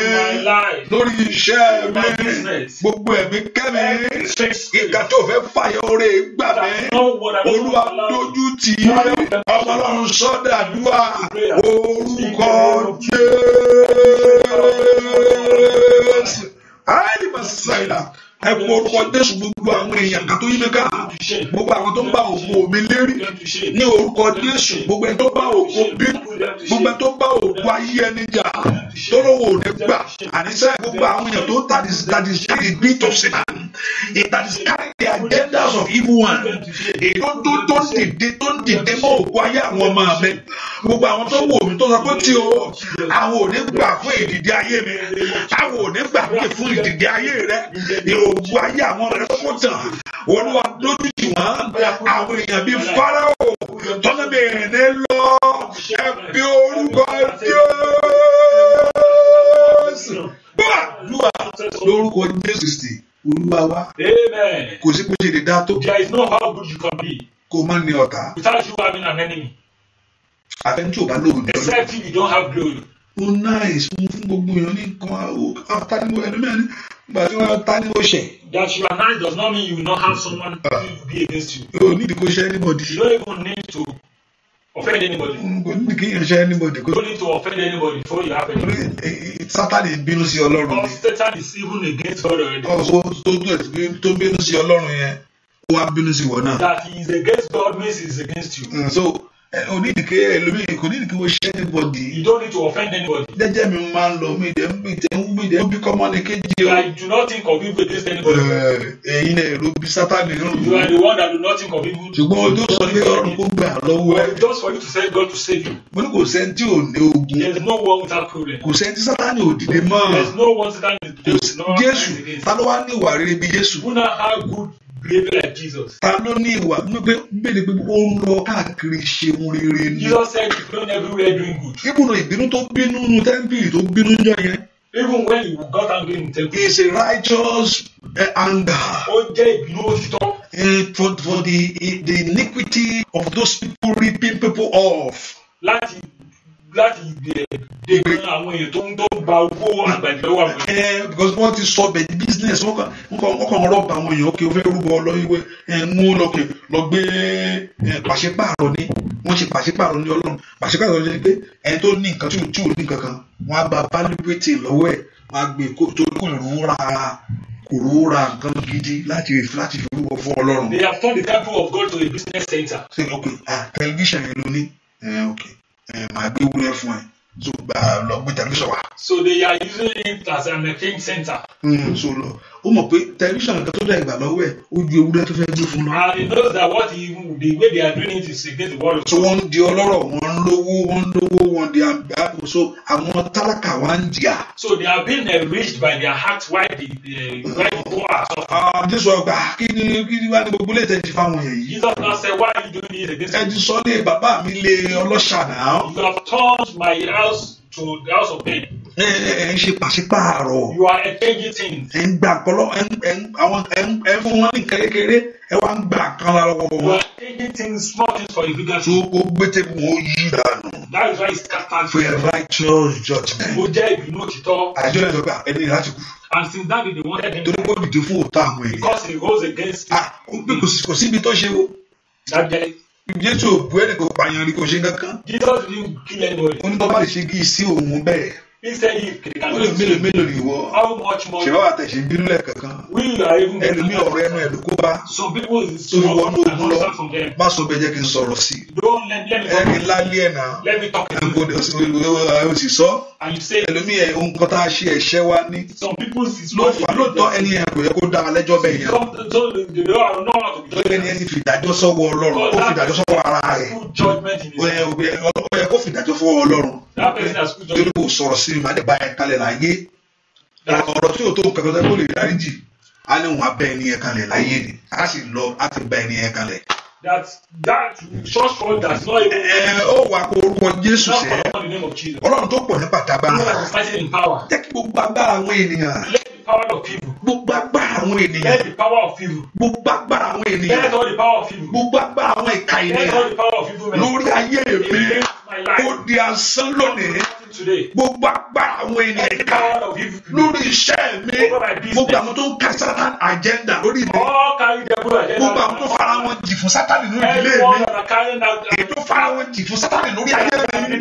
lórí iṣẹ́ mi gbogbo ẹ̀mí kẹ́mi ìka tó fẹ́ fàyọ oore gbà mí olúwa dojú tì í ọmọlọ́run sọ́dàdúrà orúkọ Jésù. Ai, Massaila! ẹ kú orúkọ jésù gbogbo àwọn èèyàn kan tó yí mi ká gbogbo àwọn tó ń bá ògo mi lérí ní orúkọ jésù gbogbo ẹni tó bá ògo bí gbogbo ẹni tó bá ògo ayé ẹni jà tó lówó ò ní gbà àníṣe gbogbo àwọn èèyàn tó tàdí sí the beat of Satan. It has carried the agendas of evil one. Èyí tó tó ń dìde tó ń dìde mọ́ òkú ayé àwọn ọmọ mi. Gbogbo àwọn tó wò mí tó sọ pé tí o, àwọn ò ní gbà fún ìdìde ayé mi. Àwọn ò ní gbà fún ìdìde ayé rẹ. Ìrògbò ayé àwọn ọmọ rẹ tó kó tàn. Olúwa lójú jù wọ́n. Àwọn èèyàn bíi Fáráò tọ́lá mi rìn ní lọ. Ẹ fi orúkọ Jésù. Bá lórúkọ Jésù sí olúwa wá kò sí bó ṣe lè dá tó kò má ní ọ̀tá àfẹnjú ò bá lóòjọ́ except if you don't have glory ó náìsí mú fún gbogbo èèyàn ní nǹkan àtàníwò ẹlẹ́mẹ̀rin gbà tí wọ́n táníwò ṣẹ̀. that you are nice does not mean you will not have someone uh, ah. will be against you. o ní ìdíkó ṣe anybody. you don't even need to offend anybody. kí n ṣe anybody. you don't need to offend anybody before you have anything. Sátánì bínú sí Ọlọ́run ni. Satan is even against God already. ọ̀sọ́ oh, tó bínú sí Ọlọ́run yẹn ó wá bínú sí ìwọ náà. that he is against God means he is against you. Mm, so Eh, onídìkẹ́ ẹlòmíì kò nídìí ṣe anybody. you don't need to offend anybody. jẹ́jẹ́ mi máa ń lọ mi dẹ̀ ń bì tẹ̀ ń bì dẹ̀ ń bí kọ́mọ́ ni kéje o. I do not think of evil against anybody. Eh, ẹ̀yin náà èrò bí sátani nínú. you are the one that do not think of evil. ṣùgbọ́n o tó sọ pé ọ̀run kò gbà lọ́wọ́ ẹ. just for you to send God to save you. mo ní kò sẹ́ni tí ogun. there is no one without problem. kò sẹ́ni tí sátani ò there is no one without is no one against. Jésù ta ní ìwà rere bí Jésù. who how good Jesus. Ta ló ní ìwà pé bẹ́ẹ̀ pé ó ń lọ káàkiri ṣeun rere ni. Jesus said he don everywhere doing good. Ibùdó ìbínú tó bínú nu tẹ́ḿpìlì tó bínú jọ yẹn. Even when he got angry in temple. It's a righteous eh, anger. Ó jẹ́ ìbínú òtítọ́. For for the the iniquity of those people ripping people off. Láti láti dègbè àwọn èèyàn tó ń tó gba owó àgbàjọ wà wọ́n. ẹ because wọ́n ti sọ bẹ́ẹ̀ ní business wọ́n kàn wọ́n kàn rọ́ọ̀bù àwọn èèyàn òkè ó rúbọ ọlọ́yìnwé ẹ eh, mú lọ́kè lọ gbé eh, pàṣípààrọ̀ ní wọ́n ṣe pàṣípààrọ̀ ní ọlọ́run pàṣípààrọ̀ ní pé ẹni tó ní nǹkan tí ò ní nǹkan kan wọ́n á gba valuate lọ́wọ́ ẹ̀ wọ́n á gbé kó torí kò rún ra kò rún ra nǹkan gidi láti láti fi rúbọ fún ọlọ́run. they have turned the capital of God to a business center. ṣe ok ah television yẹn ló ní. Eh, okay Eh, màá gbé wúrẹ́ fún ẹ so lọ gbé tẹlifíṣàn wá. so they are using it as an exchange center. Mm, so lọ ó mọ̀ pé tẹlifíṣàn kan tó dá ìgbà lọ́wọ́ ẹ̀ ó ju ewúrẹ́ tó fẹ́ gbé fún lọ. and it knows that what he the way they are doing it is against the world. so wọ́n di ọlọ́rọ̀ wọ́n ń lówó wọ́n ń lówó wọ́n di àgbà so àwọn tálákà wá ń jìyà. so they are being enriched by their act Why the uh, while the poor are ah, suffering. jésù ọgbà kí ni kí ni wá ní gbogbo lè tẹ̀sí fáwọn yẹn yìí. jesus now say why you doing this against me. ẹ ti sọ ní bàbá mi lé ọlọ́ṣà náà. you have turned my house to the house of pain. ẹ ẹ ń ṣe pàṣípààrọ̀. you are exchanging things. ẹ ń gba àkọlọ ẹ ń ẹ ń àwọn ẹ ń ẹ ń fún wọn ní nǹkan kékeré ẹ wá ń gba kan lára you are exchanging things small things for a bigger thing. tó o gbé tẹ́kun ó yí dànù. that is why it's scattered. for a righteous judgment. ó jẹ́ ìbínú òtítọ́. àjọ ìjọba ẹni láti kú and since that day they wanted him. torí kó dìde fún òòtá àwọn èèyàn. because he goes against. ah kò síbi tó ṣe o. that day. Jésù ò bú ẹnì kò pààyàn rí kò ṣe kankan. Jesus didn't kill anybody. ó ní bọ́lá lè ṣe kí sí òun bẹ́ẹ̀. Israeli kìrìkà lọ sí. mélòó mélòó how much more. ṣèwọ́ you are even. ẹlòmíì ọ̀rọ̀ some people is so wọ́n ní ogun lọ má sọ bẹ́ẹ̀ don't let let me talk. let me talk. ẹnìkò dẹ̀ and you say. some people is. ló fà lóòótọ́ ẹni ẹ̀ kò yẹ kó dára lẹ́jọ́ don't know how to be. lórí ẹni ẹni fìdájọ́ sọ́wọ́ Ọlọ́run ó fìdájọ́ sọ́wọ́ ara rẹ̀. ó yẹ kó fìdájọ́ sọ́wọ́ Ọlọ́run. that person has good judgment. torí kò sọ̀rọ̀ sí ṣe màá dẹ̀ bá ẹ kalẹ̀ láyé ọ̀rọ̀ tí ò tó nǹkan kan tó lè dáríjì á ní òun á ẹni yẹn kalẹ̀ láyé ni á sì lọ á ti bá ẹni yẹn kalẹ̀. that that church fund that's not even. ẹ ó wà kó orúkọ Jésù sẹ Ọlọ́run tó pọ̀ nípa tábà jẹ́ kí gbogbo agbára àwọn ènìyàn power of evil. Gbogbo agbára àwọn ènìyàn. Let the power of evil. Gbogbo agbára àwọn ènìyàn. Let all the power of evil. Gbogbo agbára àwọn ìka ènìyàn. Let all the power of evil. Lórí ayé mi, ó di asán lónìí gbogbo agbára àwọn ènìyàn ìka lórí iṣẹ́ mi gbogbo àwọn tó ń ka satan agenda lórí mi gbogbo àwọn tó fara wọn jì fún sátani lórí ilé mi èyí tó fara wọn jì fún sátani lórí ayé mi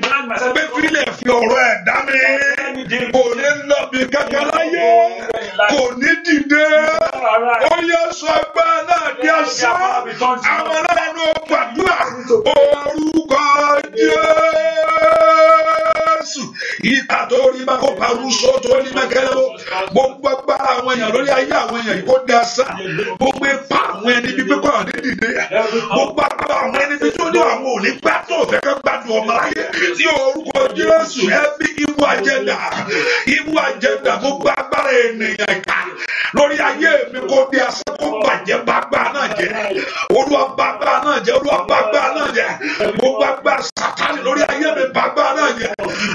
pé fílẹ̀ fi ọ̀rọ̀ ẹ̀ dìde ó yẹ sọ pé náà di asán àwọn náà ló gbàdúrà orúkọ Jésù àtòrí bá kó paruso tó ní mẹkẹlẹbó gbogbo agbára àwọn èèyàn lórí ayé àwọn èèyàn yìí kó da sa gbogbo ipa àwọn ẹni bíi pé kọ́ra ní dìde gbogbo agbára àwọn ẹni bíi tó ní àwọn òní gbá tó fẹ́ kẹ́ gbádùn ọmọ ayé ní orúkọ Jésù ẹbí ibú àjẹdà ibú àjẹdà gbogbo agbára ènìyàn ìka lórí ayé mi kó di asẹ́ kó bàjẹ́ bàgbà náà jẹ́ olúwa bàgbà náà jẹ́ olúwa bàgbà náà jẹ́ gbogbo agbára Sátánì lórí ayé mi bàgbà náà jẹ́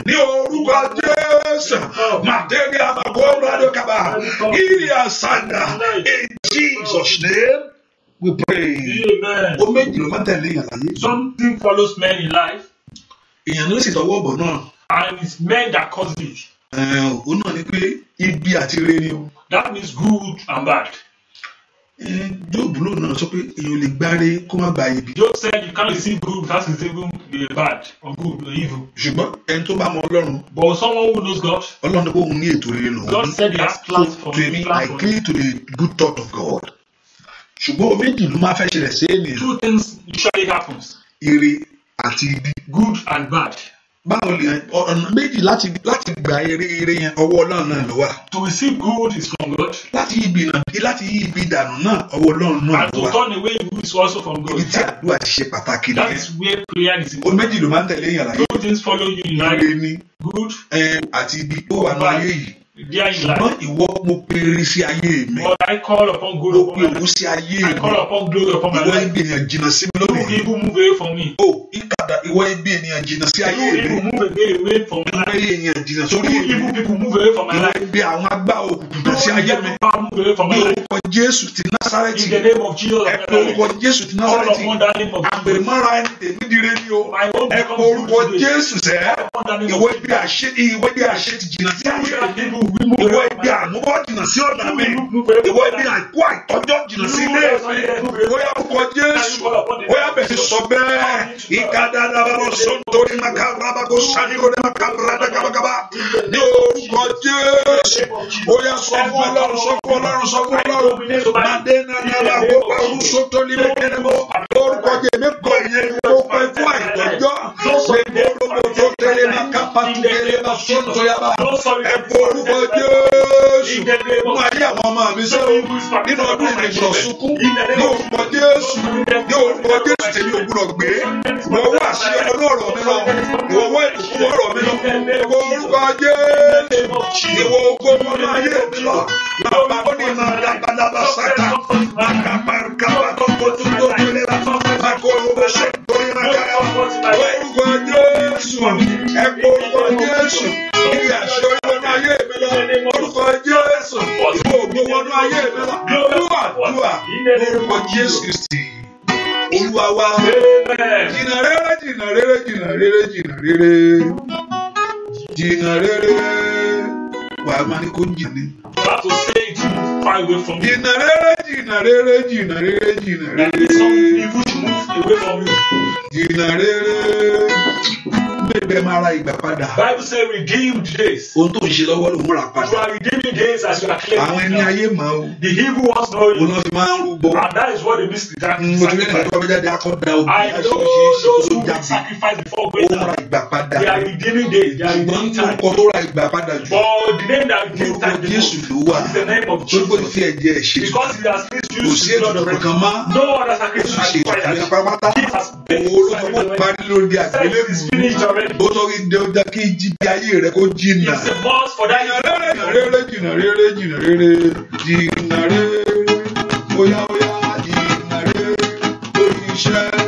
ní orúkọ Jesus. In Jesus' name. We pray. Amen. Something follows men in life. Èèyàn sì tọwọ́ bọ̀ náà. And it's men that cause it. Òun náà ni pé ibi àti rere That means good and bad. Job lóun náà sọ pé èèyàn lè gbáre kó má gba ibi. Job said you can't receive good without receiving the bad or good or evil. ṣùgbọ́n ẹni tó bá mọ Ọlọ́run. but someone who knows God. Ọlọ́run ní kó ní ètò rere lòun. God said he has plans for me. to I cling to the good thought of God. ṣùgbọ́n méjì ló máa fẹ́ ṣẹlẹ̀ sí ènìyàn. two things usually happens. ire àti ibi. good and bad báwo ni ọ̀nà méjì láti láti gba eré eré yẹn ọwọ́ ọlọ́run náà ló wà. to receive good is from God. láti ibi náà láti ibi ìdànù náà ọwọ́ ọlọ́run náà ló wà. and to turn away evil is also from God. ibi tí àdúrà ṣe pàtàkì nìyẹn. that is where prayer is. o méjì ló máa ń tẹ̀lé yàrá yìí. two things follow you in life. ire good àti ibi tó wà ní ayé yìí. ṣùgbọ́n ìwọ mo pèrè sí ayé mi. but I call upon good upon my life. mo pèrè sí ayé mi. I call upon glory upon my life. ìwọ ibi jìnnà sí mi ló will evil move away from me. o ìkàdà ìwọ ibi ènìyàn jìnnà sí ayé rẹ. evil move away from my life. ìwọ ènìyàn jìnnà sórí èmi. evil people move away from my life. ìwọ ibi àwọn agbá òkùnkùn jìnnà sí ayé mi. ní orúkọ Jésù ti Násárẹ́tì. in the name of Jesus. ẹ pé orúkọ Jésù ti Násárẹ́tì. àgbèrèmọ́ra ẹni tèmi dire ni o. ẹ pé orúkọ Jésù sẹ́. ìwọ ibi àṣẹ ìwọ ibi àṣẹ ti jìnnà sí ayé rẹ. ìwọ ibi àmúbọ̀ jìnnà sí ọ̀nà mi. ìwọ ibi àkó àìtọ́jọ́ jìnnà sí ilé mi. ó yá orúkọ Jésù. ó so I ti sọ bẹ́ẹ̀ ìkádàdàbọ̀ sọ́ńtò ní makabraba kò sanni kò ní makabrada gabagaba ní orúkọ jẹ́ ṣe. Ó yá sọ fún ọlọ́run sọ fún ọlọ́run sọ fún ọlọ́run. Màdé nana la kó pẹ̀lú sótó ní bẹ́ẹ̀ mọ́. Orúkọ jèmí kọ ìyẹn kó pẹ́ fún àìtọ́jọ́. Gbogbo olóko tó tẹ̀lé ma kápá tó tẹ̀lé ma sọ́tò yaba. Ẹ kó orúkọ Jésù. Mú ayé àwọn ọmọ mi sẹ́wọ̀n. Nínú ọdún ìrìnàjò sunkún. Ní orúkọ Jésù. Ní orúkọ Jésù tèmi ò gbúdọ̀ gbé. Wọ́n wá sí ọlọ́rọ̀ mi lọ. Wọ́n wá ìdùnkún ọ̀rọ̀ mi lọ. Gbogbo orúkọ Jésù. Ìwọ gbogbo ọmọ ayé mi lọ lọ́wọ́ ní ma labalábá sata akaparikaba tó kojú tó kéré akorobo ṣe torí ma ká orúkọ Jésù ẹkọ orúkọ Jésù ìrìn àṣọ ìwọnú ayé mi lọ orúkọ Jésù ìwọ ògbówọnú ayé mi lọ lúwà lúwà orúkọ Jésù Kristi Olúwa wa jìnnà rere jìnnà rere jìnnà rere jìnnà rere jìnnà rere wàá máa ní kó jìn ní. That will say it far away from you. Jìnà rere jìnà rere jìnà rere jìnà rere bẹ́ẹ̀ máa ra ìgbà padà. Bible say redeemed days. Ohun tó ń ṣe lọ́wọ́ ló múra padà. You are redeeming days as you are cleansing. Àwọn ẹni ayé mọ̀ o. The evil ones know you. Òun máa ń rúbọ. And that is what the mystery that is. Mo ti rí ìgbà tó bá jáde akọ́dà òbí I know those who sacrifice before greater. Ó múra ìgbà padà. They are redeeming days. They are redeeming time. Ṣùgbọ́n orúkọ tó ra ìgbà padà jù. But the name that gives time to Jésù ló wà. It's the name of Jesus. Tó gbọ́dọ̀ fi ẹ̀jẹ̀ ṣe. Because he has been used to the Lord of God. No other sacrifice required àti pàápàá òun olóko parí lórí àgbélébù ó sọ kí dandan ayé rẹ kó jìnnà rere jìnnà rere jìnnà rere jìnnà rere oya oya jìnnà rere lórí iṣẹ́.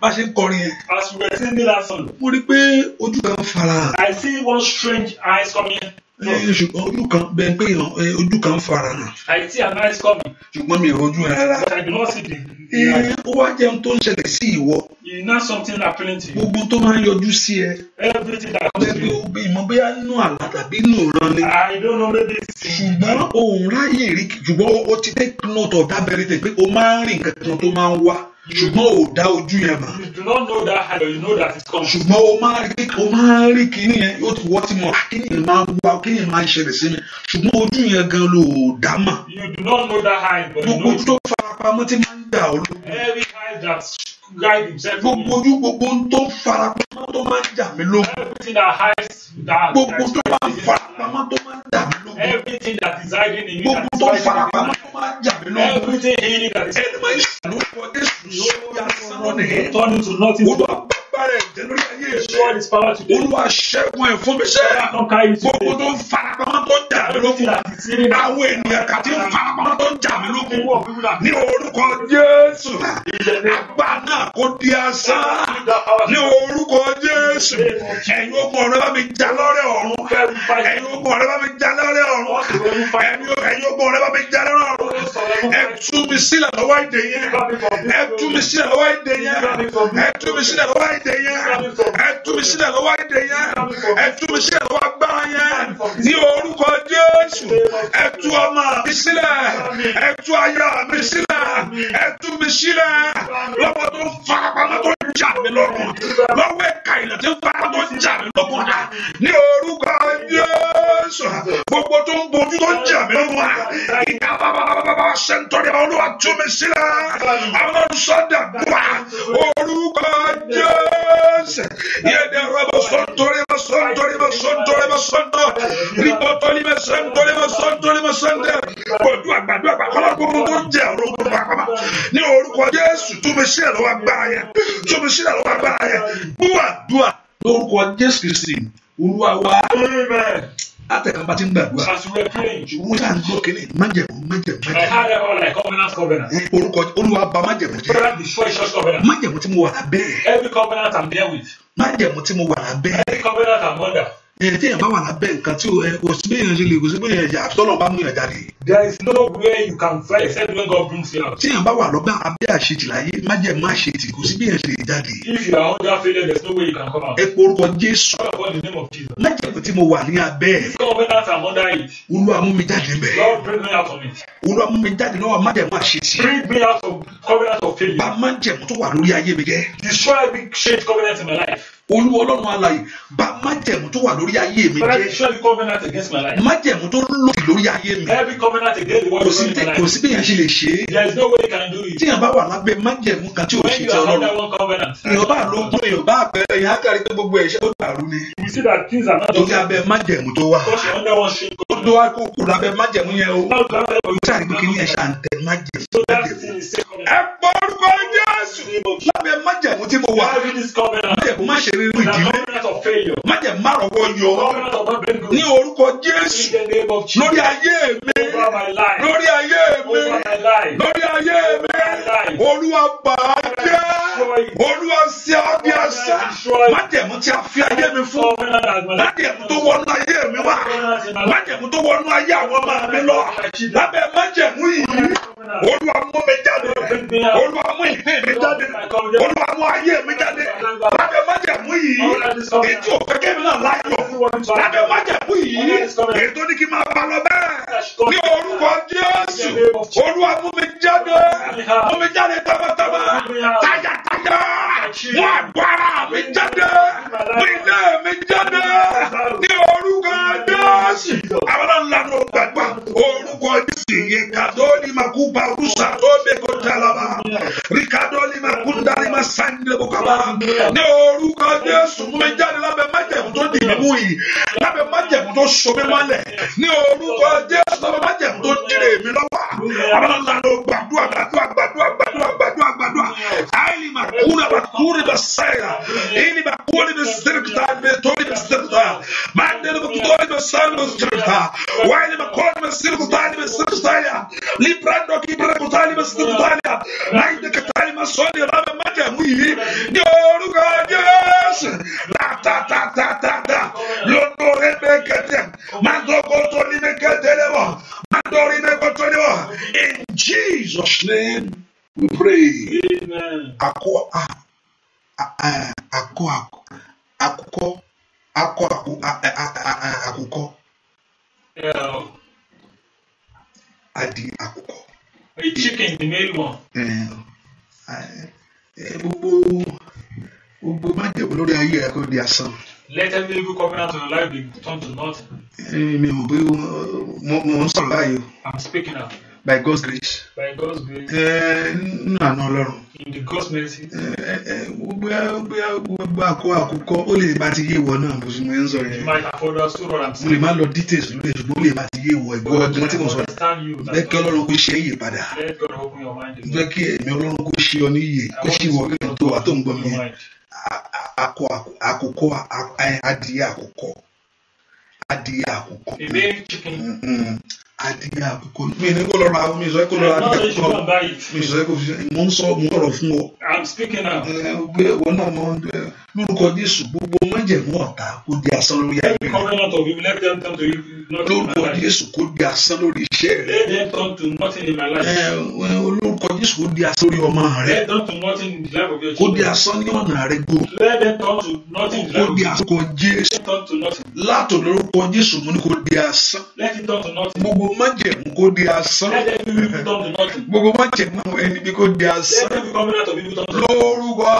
bá ṣe ń kọrin yẹn. as we were singing that song. mo rí i pé ojú kan fara. I see one strange eyes coming. Eh, ṣùgbọ́n ojú kan bẹ́ẹ̀ pé eh, ojú kan fara nà. I see an eyes coming. ṣùgbọ́n mi rojú ẹ rárá. but I do not see the. ee eh, ó wá jẹun tó ń ṣẹlẹ̀ sí ìwọ. you know something happening to you. gbogbo tó máa ń yọjú sí ẹ. everything that comes to you. bẹ́ẹ̀ pé ìmọ̀ bóyá nínú àlá tàbí nínú ìran ni. I don't know maybe. ṣùgbọ́n òun ráyè rí ṣùgbọ́n o ti take note of that very thing pé o máa ń rìn kankan tó máa ń wá ṣùgbọ́n o dá ojú yẹn mọ̀. you do not know that high, but you know that it's coming. ṣùgbọ́n o máa rí o máa rí kíní yẹn yóò ti wọ́ ti mọ̀ kíní yẹn máa wá kíní yẹn máa ń ṣẹlẹ̀ sí mi ṣùgbọ́n ojú yẹn gan ló dá mọ̀. you do not know that high, but you know. gbogbo tó farapamọ́ ti máa ń dà ọ́ lókun. every hand that Gbogbo ojú gbogbo tó fara pamọ́ tó máa ń jà mí lógun. Everything that hides that. Gbogbo tó máa fara pamọ́ tó máa ń jà mí lógun. Everything that is hiding in you that is Gbogbo tó fara pamọ́ tó máa ń jà mí lógun. Everything hiding that is. Ẹni máa ń ṣàlùkọ Jésù sórí asán nìyẹn. Turn into nothing. Olúwa bàbá rẹ̀ jẹ́ lórí ayé rẹ̀. Olúwa ṣẹ́gun ẹ̀ fún mi ṣẹ́. Gbogbo tó ń fara pamọ́ tó ń jà mí lógun. Àwọn ènìyàn kàtí fara pamọ́ tó ń jà mí lógun. Ní orúkọ Jésù, àgbà náà náà kó di asán ní orúkọ Jésù ẹ̀yin ogun ọ̀rẹ́ bá mi já lọ́rẹ́ ọ̀run ẹ̀yin ogun ọ̀rẹ́ bá mi já lọ́rẹ́ ọ̀run ẹ̀yin ogun ọ̀rẹ́ bá mi já lọ́rẹ́ ọ̀run ẹ tú mi sílẹ̀ lọ́wọ́ ìdè yẹn ẹ tú mi sílẹ̀ lọ́wọ́ ìdè yẹn ẹ tú mi sílẹ̀ lọ́wọ́ ìdè yẹn ẹ tú mi sílẹ̀ lọ́wọ́ ìdè yẹn ẹ tú mi sílẹ̀ lọ́wọ́ agbára yẹn ní orúkọ Jésù ẹ ọmọ mi sílẹ̀ ẹ tú mi sílẹ̀ ẹ mi sílẹ̀ lọ́wọ́ tó ń farapamọ́ tó ń jà mí lọ́rùn lọ́wọ́ ẹ̀ka ìlà tí ń farapamọ́ tó ń jà mí lọ́rùn rà ní orúkọ Jésù gbogbo tó ń bojú tó ń jà mí lọ́rùn rà ìka bàbàbàbà sẹ́ńtọ́rì olúwa tú mi sílẹ̀ àwọn sọ́dà gbà orúkọ Jésù yẹ́dẹ̀ rọ́bọ̀ sọ́ńtọ́rì bá sọ́ńtọ́rì bá sọ́ńtọ́rì bá sọ́ńtọ́ rìpọ́tọ́lì bá sọ́ńtọ́rì bá sọ́ńtọ́rì bá sọ́ńtọ́ ní orúkọ Jésù túnbí sílẹ̀ lọ́wọ́ agbára yẹn túnbí sílẹ̀ lọ́wọ́ agbára yẹn gbúwà dùà lórúkọ Jésù Kristi Olúwa atẹ̀kọ̀ba ti ń gbàdúrà wọ́n yà ń gbọ́ kele májẹ̀mú májẹ̀mú májẹ̀mú orúkọ Olúwa májẹ̀mú jẹ́ májẹ̀mú tí mo wà lábẹ́ májẹ̀mú tí mo wà lábẹ́. Eh, téèyàn bá wà lábẹ́ nǹkan tí o eh, sí bẹ́ẹ̀ yẹn ṣe lè kò sí bẹ́ẹ̀ yẹn jà bá mú yàn jáde. there is no nowhere you can fly except when God brings you out. téèyàn bá wà lọ́gbà abẹ́ àṣetì láyé májẹ̀ má ṣetì kò sí bẹ́ẹ̀ yẹn lè jáde. if you are under failure there is no way you can come out. ẹ pe orúkọ Jésù. call upon the name of Jesus. májẹ̀ tí mo wà ní abẹ́. this covenant am under it. Olúwa mú mi jáde bẹ́ẹ̀. Lord bring me out of it. Olúwa mú mi jáde lọ́wọ́ májẹ̀ má ṣetì. bring me out of covenant of failure. bá májẹ̀ tó wà lórí ayé destroy every shade covenant in my life olúwa ọlọ́run alààyè bá májẹ̀mú tó wà lórí ayé mi jẹ́ májẹ̀mú tó lòdì lórí ayé mi kò sí tẹ kò sí bẹ́yàn ṣe lè ṣe é tíyàn bá wà lábẹ́ májẹ̀mú kan tí ò ṣe ti ọlọ́run èèyàn bá lóògùn èèyàn bá bẹ̀rẹ̀ èèyàn á kárí pé gbogbo ẹ̀ṣẹ̀ ó dàrú ni lórí abẹ́ májẹ̀mú tó wà ó dó wá kó kù lábẹ́ májẹ̀mú yẹn o ó sàrí pé kí ni ẹ̀ṣà ń tẹ májẹ̀mú ẹ̀ pọ̀ orúkọ Jésù lábẹ́ májẹ̀mú tí mo wà májẹ̀mú má ṣe rírú ìdílé má jẹ́ márọ̀wọ́ yọ ní orúkọ Jésù lórí ayé mi lórí ayé mi lórí ayé mi Olúwa bà á jẹ́ Olúwa sí abí àṣà má jẹ́ mu tí a fi ayé mi fún má jẹ́ mu tó wọnú ayé mi wá má jẹ́ mu tó wọnú ayé àwọn ọmọ mi lọ lábẹ́ má jẹ́ yìí Olúwa mú mi jáde Olúwa mú ìpín mi jáde Olúwa mú ayé mi jáde lábẹ́ má jẹ́ májẹ̀mú yìí ètò òpèkémi náà láyọ̀ lábẹ́ májẹ̀mú yìí ètò ní kí n máa bá lọ bẹ́ẹ̀ ní orúkọ Jésù Olúwa mú mi jáde mú mi jáde tamatama tajàtajà mú agbára mi jáde mú iná mi jáde ní orúkọ Jésù àwọn ọ̀lànà gbàgbà orúkọ Jésù yìí kàdó ni màkú bá rúṣà tó bẹ kó jalaba ríkàdó sandilebokaba ní orúkọ Jésù mú mi jáde lábẹ́ májẹ̀mú tó dì mí mú yìí lábẹ́ májẹ̀mú tó so Ne mọ́lẹ̀ ní orúkọ Jésù lábẹ́ májẹ̀mú tó dire mi lọ́wọ́ ọlọ́lá ló gbàdúrà gbàdúrà gbàdúrà gbàdúrà gbàdúrà gbàdúrà àìlì mà kúrò bà kúrò bà sẹ́yà ìlì bà kúrò bà sẹ́kítà bà tóbi bà sẹ́kítà mà dẹ́rẹ́ bà tóbi bà sẹ́yà bà sẹ́kítà wà ìlì bà kúrò bà sẹ́kítà bà sẹ́kítà yà librando kì í bẹ̀rẹ̀ kúta bà sẹ́kítà yà láì dẹ́kẹ̀tà yà má sọ́ọ̀lì rà bà má dẹ̀ mú yìí ní orúkọ Jésù tatatatata lọ́dọ̀ rẹ̀ bẹ́ẹ̀ kẹ́tẹ̀ má dọ́kọ̀ tó ní bẹ́ẹ̀ kẹ́tẹ̀ lẹ́wọ̀ má dọ́rin bẹ́ẹ̀ kọ́tọ́ lẹ́wọ̀. In Jesus' name we pray. Amen. Akọ akọ akụkọ akọ akụkọ. Adi akụkọ. Chicken ni mélòó wọn. Gbogbo gbogbo májèmú lórí ayé ẹ̀ kò di asán. Let every evil covenant on your life be turned to naught. Eh, mi ò bí mo ń sọ̀rọ̀ báyìí o. I'm speaking now by God's grace. by God's grace. ẹ nínú àná Ọlọ́run. in the God's mercy. ẹ ẹ bóyá bóyá gbogbo àkó àkókò ó lè bá ti yé ìwọ náà bó ṣe mo ń sọ yẹn. my afọdọ sọ̀rọ̀ àti. mo lè má lọ details lórí èṣù bó lè bá ti yé ìwọ ìgbọ́ ọdún tí mo sọ yẹn. bẹ́ẹ̀ kí Ọlọ́run kó ṣe é yè padà. bẹ́ẹ̀ kí ẹ̀mí Ọlọ́run kó ṣe ọ níyè kó ṣe ìwọ kí n tó wà tó ń gbọ́ mi yẹn. àkókò adìyẹ àkókò adìyẹ àkókò àti àkókò mi ní kó lọ ra mi sọ kó lọ ra bí kò mi sọ kó fi mo ń sọ mo rọ fún ọ. i'm speaking now. ẹ gbé wọn náà mọ lórúkọ jésù gbogbo májẹ̀mú ọ̀tá kó di asán lórí ayé rẹ. every covenant of you let them come to you lórúkọ Jésù kó di asán lórí iṣẹ́ rẹ olórúkọ Jésù kó di asán lórí ọmọ rẹ kó di asán ní ọ̀nà rẹ gbó kó di asán kó Jésù látò lórúkọ Jésù mú ni kó di asán gbogbo májẹ̀mú kó di asán gbogbo májẹ̀mú ẹni bí kó di asán lórúkọ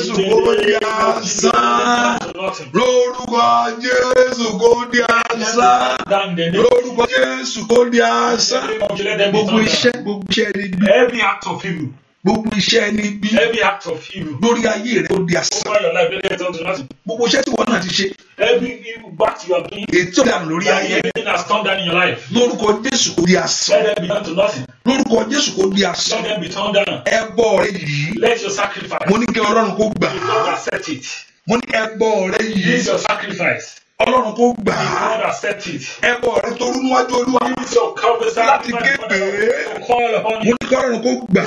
Jésù kó di asán lórúkọ Jésù kò di asán lórúkọ Jésù kò di asán gbogbo iṣẹ́ gbogbo iṣẹ́ rẹ bí gbogbo iṣẹ́ ní bí lórí ayé rẹ̀ ó di àṣà gbogbo iṣẹ́ tí wọ́n náà ti ṣe ètò ìdànù lórí ayé rẹ̀ lórúkọ Jésù kò di àṣà lórúkọ Jésù kò di àṣà ẹbọ rẹ yìí mo ní kí Ọlọ́run kó gbà mo ní ẹ gbọ́ ọ̀rẹ́ your sacrifice. Ọlọ́run kò gbà á. Ẹbọ rẹ torú níwájú Olúwa. Láti gébè. Mo ní kọ́lọ́run kò gbà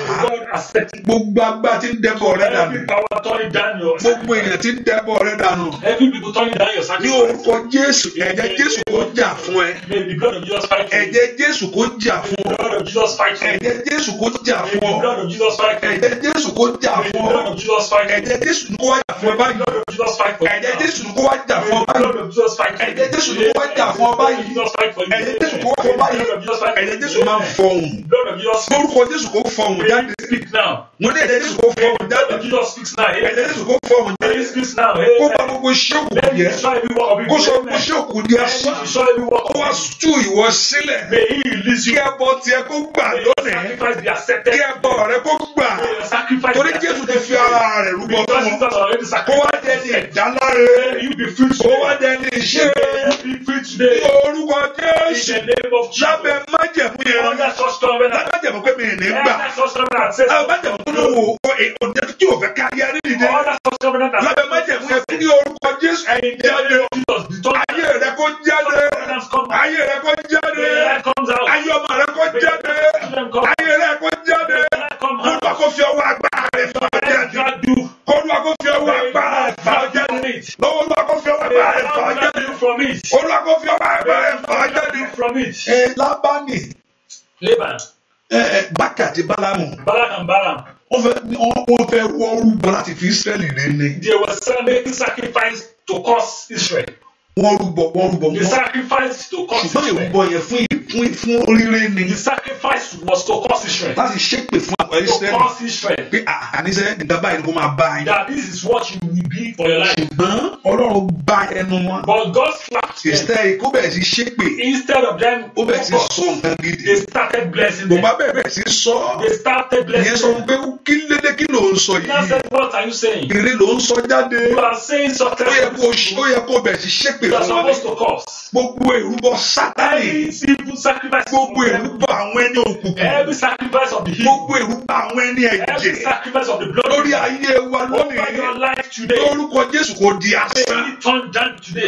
á. Gbogbo agbá tí ń dẹbọ rẹ dànù. Gbogbo èèyàn tí ń dẹbọ rẹ dànù. Ní orúkọ Jésù, ẹ̀jẹ̀ Jésù kò jà fún ẹ. Ẹ̀jẹ̀ Jésù kò jà fún ọ. Ẹ̀jẹ̀ Jésù kò jà fún ọ. Ẹ̀jẹ̀ Jésù kò jà fún ọ. Ẹ̀jẹ̀ Jésù kò wá jà fún ọ báyìí. Ẹ̀jẹ̀ Jésù kò wá jà fún ọ báyìí just fight for me. ẹ̀jẹ̀ jésù kò wá jà fún ọ báyìí. ẹ̀jẹ̀ jésù kò wá fún ọ báyìí. ẹ̀jẹ̀ jésù máa fọhùn. lórúkọ jésù kò fọhùn jáde. mo ní ẹ̀jẹ̀ jésù kò fọhùn jáde. ẹ̀jẹ̀ jésù kò fọhùn jáde. kó bá gbogbo ṣéèkù yẹ. kó sọ gbogbo ṣéèkù di asán. kó wá tú ìwọ sílẹ̀. kí ẹ bọ tiẹ̀ kó gbà lónìí. kí ẹ bọ rẹ kó gbà. torí jésù ti fi ara rẹ̀ rúbọ fún ọ. kó wá dẹni ìdáláre. kó wá dẹni iṣẹ́ ní orúkọ Jésù lábẹ́ májẹ̀mú yẹn lábẹ́ májẹ̀mú pé mi ì ní gbà lábẹ́ májẹ̀mú pé mo wò òde tí o fẹ́ ká yẹrí nìdẹ́ lábẹ́ májẹ̀mú yẹn ní orúkọ Jésù jáde ayé rẹ kó jáde ayé rẹ kó jáde ayé ọmọ rẹ kó jáde ayé rẹ kó jáde olúwa kó fi ọwọ́ agbára rẹ fún ọjà jù olúwa kó fi ọwọ́ agbára rẹ fún ọjà jù lọ́wọ́ olúwa bàbá rẹ̀ fà á jáde. Olúwa kò fi ọba rẹ̀ fà á jáde. Ẹ Lábánì. Laban. Ẹ Bákà ti Bálámù. Bálámù Bálámù. Wọ́n fẹ́ wọ́n fẹ́ wọ́ orúbọ láti fi Ísírẹ́lì rẹ̀ ni. They were celebrating sacrifice to cause Israel wọ́n rúbọ wọ́n rúbọ. the sacrifice to cause Israel. ṣùgbọ́n ìrúbọ yẹn fún fún fún oríire ni. the sacrifice was to cause Israel. láti ṣépè fún pẹ̀lú Israẹli pé àníṣe ah, ah, nǹkan báyìí ni kò máa bá yín. that this is what you will be for your life. ṣùgbọ́n Ọlọ́run bá ẹnu wọn. but God slapped them. instead kó bẹ̀rẹ̀ sí ṣépè. instead of them ó bẹ̀rẹ̀ sí sọ nǹkan gidi. they started blessing them. bàbá bẹ̀rẹ̀ sí sọ. they started blessing them. ìyẹn sọ pé kí lédè kí ló ń sọ yìí. now said what are you saying. èrè ló ń sọ jáde. you are saying something. ó yẹ kó ó yẹ kó bẹ̀rẹ̀ sí ṣépè fún you are supposed to curse. gbogbo èrúbọ Sátánì. every simple sacrifice. of the gbogbo èrú orúkọ àwọn ẹni ẹ̀jẹ̀ lórí ayé wa lónìí lórúkọ Jésù kò di asán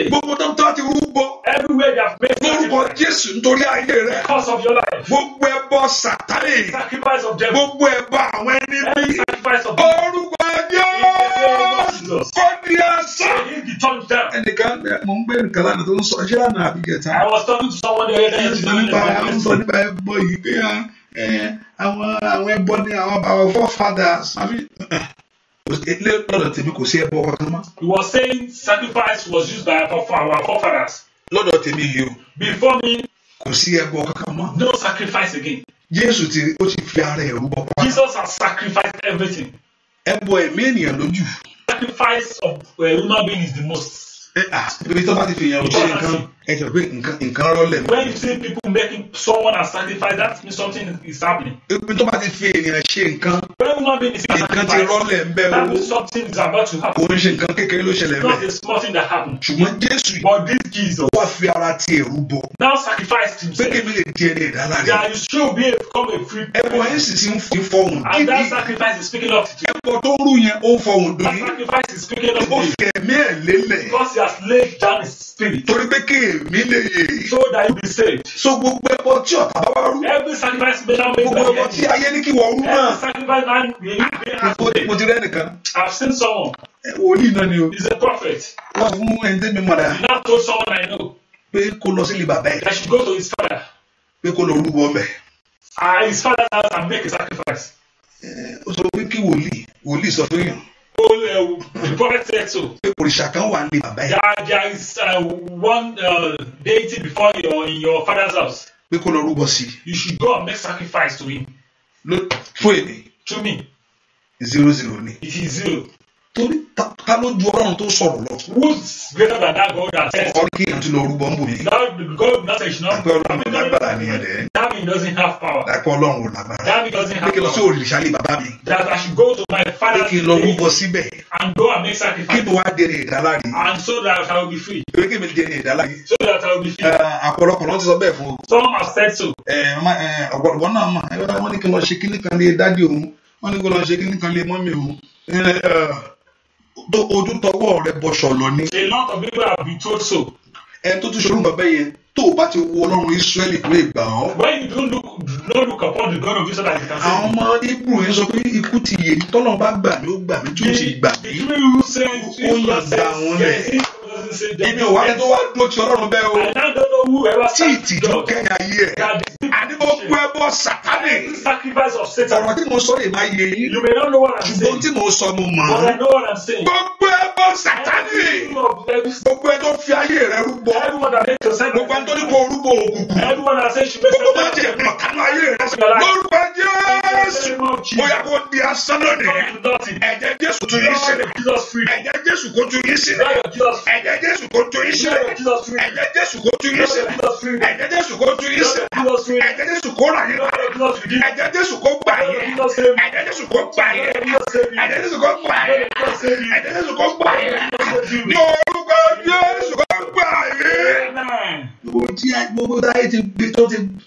gbogbo tó ń tọ́ ti rúbọ lórúkọ Jésù nítorí ayé rẹ gbogbo ẹbọ Sátánì gbogbo ẹbọ àwọn ẹni bí orúkọ Jésù kò di asán. ẹnìkan mo ń gbé nǹkan lánàá tó ń sọ ṣé lánàá àbí kẹta. ẹ ti sọ nípa ẹ ń yìí pé ya. Ah, Eh, àwọn àwọn ẹbọ ni àwọn our forefathers eh, lọ́dọ̀ tèmi kò sí ẹbọ kankan mọ́. he was saying sacrifice was used by our forefathers. lọ́dọ̀ tèmi yìí o. before me. kò sí ẹbọ kankan mọ́. no sacrifice again. Jésù ti ó ti fi ara ẹ̀rú bọ́ pa. Jesus has sacrificed everything. Ẹbọ ẹ̀mí ènìyàn lójú. Sacrifice of a eh, human being is the most. Ah, ibi tó bá ti fi ìyàwó ṣe nǹkan ẹ jọ pé nǹkan rọlẹ̀. when you see people making someone as sacrifice that means something is happening. ibi tó bá ti fi ènìyàn ṣe nǹkan. when human being is being sacrificed nǹkan ti rọlẹ̀ ń bẹ́ o. that means something is about to happen. kò ń ṣe nǹkan kékeré ló ṣẹlẹ̀ mẹ́. it's not a small thing that happened. ṣùgbọ́n Jésù but this Jesus. wá fi ara ti èrú bọ. now sacrifice himself. pé kébí lè di ẹni ìdálá rẹ. that you should be become a free. ẹ̀bùn ẹ̀yìn sì sí ń fi fọhùn. and that sacrifice is speaking of. ẹ̀bùn tó rú yẹn ó fọhùn dùn. that sacrifice is speaking of. ó fi ẹ̀ lélẹ̀. because he has laid down his spirit. torí pé kéèrè èmi lè yè. so that you be saved. so gbogbo ẹbọ tí ọ̀tá bá wá rú. every sacrifice made am make by gbogbo ẹbọ tí ayé ní kí wọ́n rú náà. every sacrifice man made am make am today. mo ti rẹ́ nìkan. I have seen someone. wòlíì náà ni o. he is a prophet. wọ́n fún ẹni tẹ́mi mọ̀ra. he now told someone I know. pé kó lọ sílé bàbá ẹ̀. that she go to his father. pé kó lọ rúbọ ọbẹ̀. ah his father house and make a sacrifice. ó sọ pé kí wòlíì wòlíì sọ fún yàn old uh, prophet said so. pé òrìṣà kan there is uh, one uh, deity before your in your father's house. pé kó lọ rúbọ you should go and make sacrifice to him. ló fún èmi. to me. zero zero ni. it is zero torí ta ló ju ọlọ́run tó sọ̀rọ̀ lọ. who's greater than that God that said. ọ̀rọ̀ kí n ti lọ rúbọ ń bò mí. that God that said not. àpẹ ọlọ́run ò lágbára nìyẹn dẹ. that doesn't have power. àpẹ ọlọ́run ò lágbára. that doesn't have power. pé kí n lọ sí òrìṣà bàbá mi. that I should go to my father. pé kí n lọ rúbọ síbẹ̀. and go and make sacrifice. kí n wá dèrè ìdálá and so that I will be free. pé kí n dèrè ìdálá so that I will be free. Eh, àpọ̀lọpọ̀ ló ti sọ bẹ́ẹ̀ fún some have said so. Eh, eh, ọ̀gbọ̀n náà mọ̀ tó ojú tọwọ́ rẹ bọṣọ lọ ni. a lot of people have been told so. ẹ tó tún ṣolú bàbá yẹn tó o bá ti wo ọlọ́run Ísírẹ́lì tó lè ọ́. when you don't look no look upon the God of Israel as you can say. àwọn ọmọ Hebrew yẹn sọ pé ikú ti yè mí tọ́lọ́ bá gbà mí ó gbà mí tó ti gbà mí. the Hebrew say Jesus says yes Èmi ò wáyé tó wá dúró ti Ọlọ́run bẹ́ẹ̀ o. Tí ìtìjú kẹ́yìn ayé ẹ̀. Àní mo kú ẹ bọ́ sàtánì. Ọ̀rọ̀ tí mo sọ yìí máa yé yín. Ṣùgbọ́n tí mo sọ mo mọ̀ ọ́. Gbogbo ẹ bọ́ sàtánì. Gbogbo ẹ tó fi ayé rẹ rúbọ. Gbogbo ẹ tó ní kó rúbọ òkùnkùn. Gbogbo bá jẹ mọ̀ kánú ayé rẹ. Lórúkọ Jésù. Mo yà kó di asán lónìí. Ẹ̀jẹ̀ Jésù tún yín sílẹ̀. Ẹ̀jẹ̀ Jésù kó tún yín sílẹ̀. Ẹ̀jẹ̀ to go ẹ̀jẹ̀ Jésù kó tú yín sílẹ̀ ẹ̀jẹ̀ Jésù go to Israel. sílẹ̀ ẹ̀jẹ̀ Jésù to tú yín sílẹ̀ ẹ̀jẹ̀ Jésù kó rà yín lọ ẹ̀jẹ̀ Jésù kó gbà yín ẹ̀jẹ̀ Jésù kó gbà yín ẹ̀jẹ̀ Jésù kó gbà yín ẹ̀jẹ̀ Jésù kó gbà go to Israel orúkọ Jésù kó gbà mí. gbogbo tí gbogbo táyé ti gbé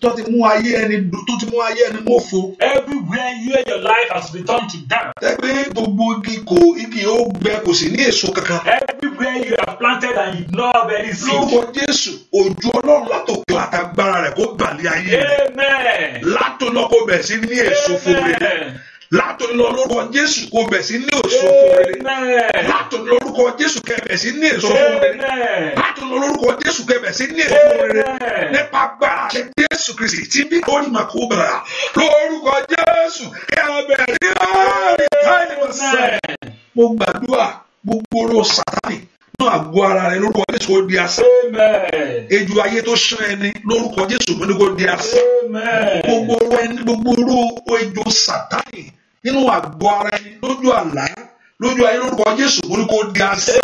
tó ti mú ayé ẹni tó ti mú ayé ẹni mọ́fo. everywhere you and your life has been turned to dance. ẹgbẹ́ gbogbo igi kò igi ó gbẹ kò sì ní èso kankan. everywhere you have planted and you no have any seed. lórúkọ Jésù òjò Ọlọ́run látòkè àtàgbára rẹ̀ kó gbàlẹ́ ayé rẹ̀. amen. bẹ̀ sí ní èso fún mi látòní lọ lórúkọ Jésù kò bẹ̀ sí ní èso fún rere látòní lórúkọ Jésù kẹ bẹ̀ sí ní èso fún rere látòní lórúkọ Jésù kẹ bẹ̀ sí ní èso fún rere nípa agbára ṣe Jésù Kristi tí bí kò ní ma kó bẹ̀rẹ̀ lórúkọ Jésù kẹ bẹ̀ sí láàrin káyọ̀ sẹ́ẹ̀. mo gbàdúrà gbogbo ro Sátánì nínú àgọ́ ara rẹ lórúkọ Jésù kò di asán. Ejò ayé tó ṣán ẹni lórúkọ Jésù kò ní kò di asán. Gbogbo ro ejò Sátánì nínú àgọ́ ara ẹni lójú àlá lójú ayé lórúkọ Jésù mo ní kó di asẹ́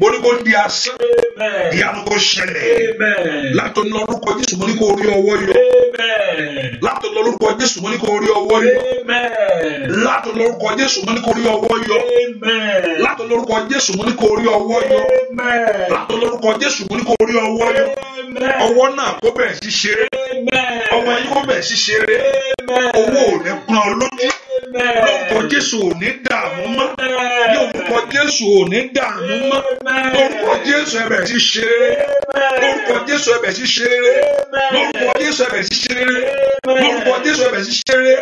mo ní kó di asẹ́ ìyanu kó ṣẹlẹ̀ látọ̀ ní lórúkọ Jésù mo ní kó rí ọwọ́ yọ látọ̀ lórúkọ Jésù mo ní kó rí ọwọ́ yọ látọ̀ lórúkọ Jésù mo ní kó rí ọwọ́ yọ látọ̀ lórúkọ Jésù mo ní kó rí ọwọ́ yọ látọ̀ lórúkọ Jésù mo ní kó rí ọwọ́ yọ ọwọ́ náà kó bẹ̀rẹ̀ sí ṣeré ọwọ́ yín kó bẹ̀rẹ̀ sí ṣeré owó ò ní pọn ọ lójú lórúkọ jésù ò ní dààmú mọ́ lórúkọ jésù ò ní dààmú mọ́ lórúkọ jésù ẹ̀bẹ̀ sí ṣeré lórúkọ jésù ẹ̀bẹ̀ sí ṣeré lórúkọ jésù ẹ̀bẹ̀ sí ṣeré lórúkọ jésù ẹ̀bẹ̀ sí ṣeré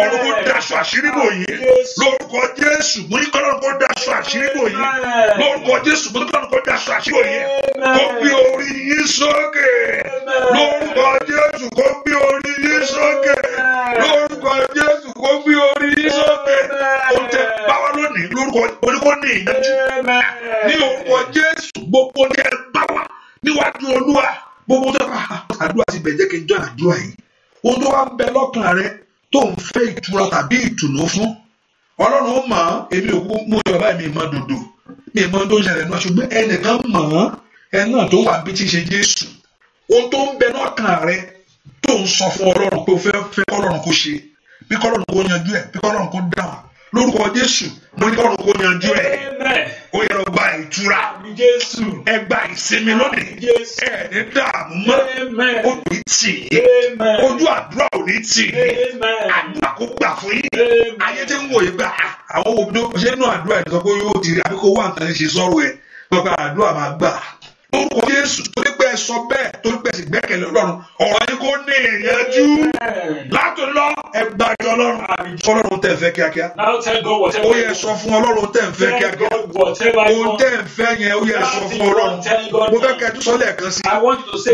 ọ̀run kò daṣọ àṣírí bò yín lórúkọ jésù mo ní kọ́lọ́run kò daṣọ àṣírí bò yín lórúkọ jésù mo ní kọ́lọ́run kò daṣọ àṣírí bò yín kó gbé orí yín sókè lórúkọ jésù kó gbé orí yín sókè lórúkọ jésù kó gbé orí lórí sókè ohun tẹ báwa lónìí lórúkọ oníkó ní ìyanjú ní orúkọ Jésù gbogbo tẹ báwa níwájú Olúwa gbogbo tẹ báwa àdúrà ti bẹ̀jẹ̀ kí n jọ àdúrà yìí ohun tó wá ń bẹ lọ́kàn rẹ tó ń fẹ́ ìtura tàbí ìtùnú fún Ọlọ́run ó mọ̀ ọ́ èmi ò mú ìjọba mi mọ dòdò mi mọ tó ń ṣẹlẹ̀ náà ṣùgbọ́n ẹnìkan mọ̀ ọ́ ẹ náà tó wà bí ti ṣe Jésù ohun tó ń bẹ lọ́kàn rẹ tó ń sọ fún Ọlọ́run pé ó fẹ́ fẹ́ Ọlọ́run kó ṣe bí kọ́lọ́run kò yanjú ẹ̀ bí kọ́lọ́run kò dáhùn lórúkọ jésù mo ní kọ́lọ́run kò yanjú ẹ̀ ó yẹ lọ gba ìtura ẹ gba ìsinmi lónìí ẹ ní dààmú mọ́ ó ní tì í ojú àdúrà ò ní tì í àdúrà kò gbà fún yín ayé tí ń wò yín gbà ah, àwọn òbí ṣé inú àdúrà ẹ̀ yóò ti rí àbíkó wà nǹkan ṣe sọ̀rọ̀ ẹ̀ lọ́pàá àdúrà máa gbà lórúkọ jésù tó dé ẹ sọ bẹ́ẹ̀ torí pé ẹ̀sìn gbẹ́kẹ̀lé ọlọ́run ọ̀rọ̀ yìí kò ní ìyẹ́jú látò lọ ẹ ọlọ́run ọlọ́run tẹ̀ ń fẹ́ kíákíá ó yẹ sọ fún ọlọ́run tẹ̀ ń fẹ́ kíákíá ohun tẹ̀ ń fẹ́ yẹn ó yẹ sọ fún ọlọ́run mo fẹ́ kẹ́ ẹ tún sọ́lẹ̀ kan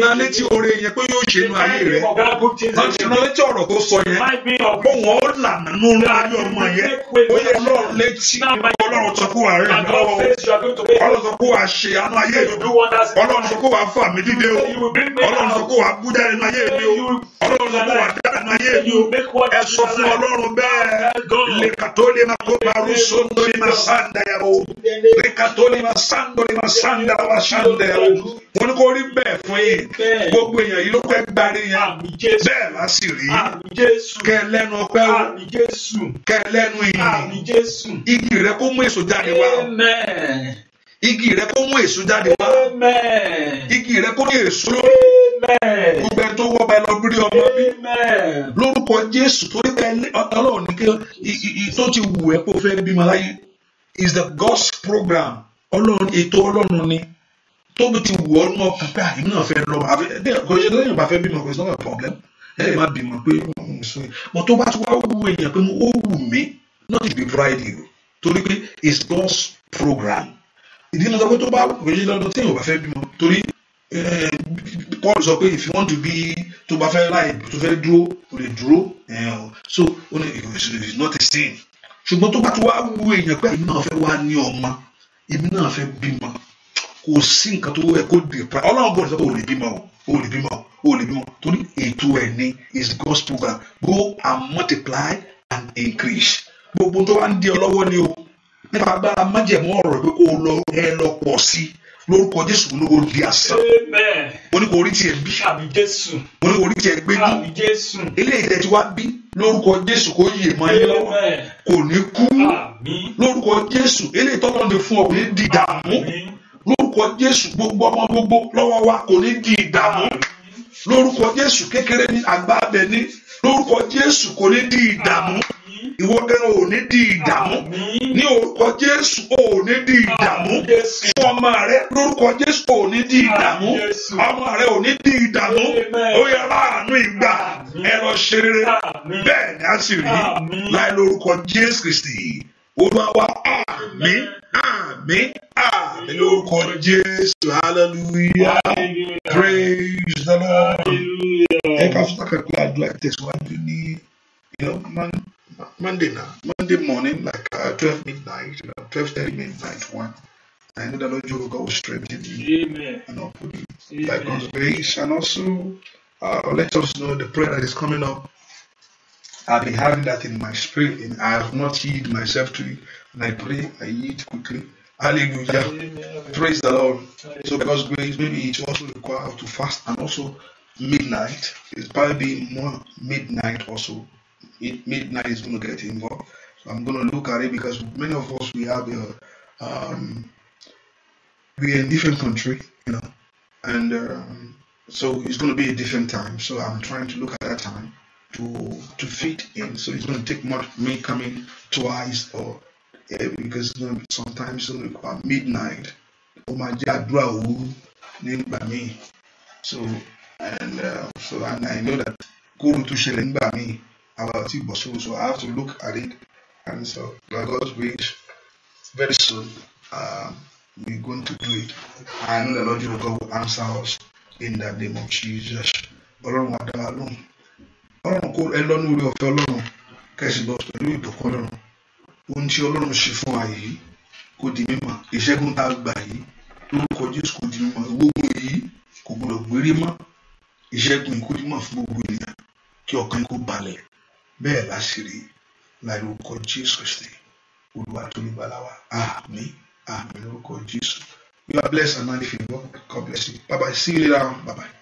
náà létí oore yẹn pé yóò ṣe inú ayé rẹ láti létí ọ̀rọ̀ tó sọ yẹn bóun ó lànà dìde o ọlọ́run sọ kó wàá bú jáde nínú ayé mi o ọlọ́run sọ kó wàá dára nínú ayé mi o ẹ sọ fún ọlọ́run bẹ́ẹ̀ lèkàtó lè máa kó parú sóńdó lè máa sáńdà yà o lèkàtó lè máa sáńdó lè máa sáńdà wà sáńdà yà o wọn kò rí bẹ́ẹ̀ fún yín gbogbo èèyàn yìí ló fẹ́ gbárí yẹn bẹ́ẹ̀ bá sì rí kẹ lẹ́nu ọpẹ́ o kẹ lẹ́nu ìyìn igi rẹ kó mú èso jáde wá igi rẹ kó mú èso jáde wá igi rẹ kó ní èso lórí gbogbo ẹ tó wọ́ bá lọ gbé ọmọ bí lórúkọ Jésù torí pé Ọlọ́run ní kí tó ti wù ẹ́ kó fẹ́ bímọ láyé is the God's program Ọlọ́run ètò Ọlọ́run ni tóbi ti wù ọ́ ní ọkàn pé àyè ah, náà fẹ́ lọ kò ṣe lóyún bá fẹ́ bímọ kò sí náà problem ẹ lè má bímọ pé mo hmm, tó bá ti wá wù èèyàn pé ó wù mí not to be pride you torí pé it's God's program ìdí ló sọ pé tó bá méjì lọ́dún tí èèyàn bá fẹ́ bímọ torí Paul sọ pé if you want to be tó bá fẹ́ láì tó fẹ́ dúró o lè dúró so ó ní it's not a sin ṣùgbọ́n tó bá tó wá wù èèyàn pé èmi náà fẹ́ wá ní ọmọ èmi náà fẹ́ bímọ kò sí nǹkan tó yẹ kó dè pa ọlọ́run gbọ́dọ̀ sọ pé o lè bímọ o o lè bímọ o lè bímọ torí ètò ẹ̀ ni is God's program go and multiply and increase gbogbo tó wá ń di ọ ni o nípa agbára májẹ̀mú ọ̀rọ̀ pé kó o lọ ẹ lọ pọ̀ sí i lórúkọ jésù olówó di àṣà mo ní tiẹ̀ bí mo ní tiẹ̀ gbé bí eléyìí tẹ̀ ti wá bí lórúkọ jésù kò yè mọ́ ẹ lọ́wọ́ kò ní kú lórúkọ jésù eléyìí tọ́lọ́ ní fún ọ di ìdààmú lórúkọ jésù gbogbo ọmọ gbogbo lọ́wọ́ wa kò ní di ìdààmú lórúkọ jésù kékeré ní àgbà abẹ ní lórúkọ jésù kò ní di ìdààmú ìwọ gan ò ní di ìdààmú ní orúkọ Jésù ò ní di ìdààmú fún ọmọ rẹ lórúkọ Jésù ò ní di ìdààmú ọmọ rẹ ò ní di ìdààmú ó yẹ láàánú ìgbà ẹ lọ ṣe rere bẹ́ẹ̀ ni a sì rí láì lórúkọ Jésù Kristi olúwa àmín àmín àmín lórúkọ Jésù hallelujah praise the Lord ẹ ká fún akẹ́kọ̀ọ́ àdúrà tẹ̀síwájú ní ìlọ́kùnmọ́nù. Monday now, Monday morning, like uh, 12 midnight, you uh, know, 12 midnight, 1. I know the Lord your God will strengthen you Amen. and uphold you by God's grace. And also, uh, let us know the prayer that is coming up. I've been having that in my spirit, and I have not yielded myself to it. And I pray I yield quickly. Hallelujah. Amen. Praise the Lord. Amen. So, because grace, maybe it also requires to fast and also midnight. It's probably more midnight also it, midnight is going to get involved. So I'm going to look at it because many of us we have a um, we're in different country, you know, and um, so it's going to be a different time. So I'm trying to look at that time to to fit in. So it's going to take much me coming twice or yeah, because it's going to be sometimes it's going to be midnight. Oh my God, named by me. So and uh, so and I know that go to Shelen by me. about it, but soon. So I have to look at it. And so, by God's grace, very soon, uh, we're going to do it. And the Lord your God will answer us in the name of Jesus. Ọlọ́run wa dára lóhùn. Ọlọ́run Ohun tí Ọlọ́run ṣe fún wa yìí kò di mímọ̀. Ìṣẹ́gun tá a gbà yìí lórúkọ Jésù kò di mímọ̀. Gbogbo yìí kò gbọdọ̀ gbére mọ́. Ìṣẹ́gun ìkórìmọ̀ fún gbogbo ènìyàn kí ọkàn kó balẹ̀ bẹ́ẹ̀ láṣìírí lórúkọ Jésù Kristi Olúwa tó ní balawa. àmín àmín lórúkọ Jésù. You are blessed and highly favored. God bless you. Bye bye. See you later. Bye bye.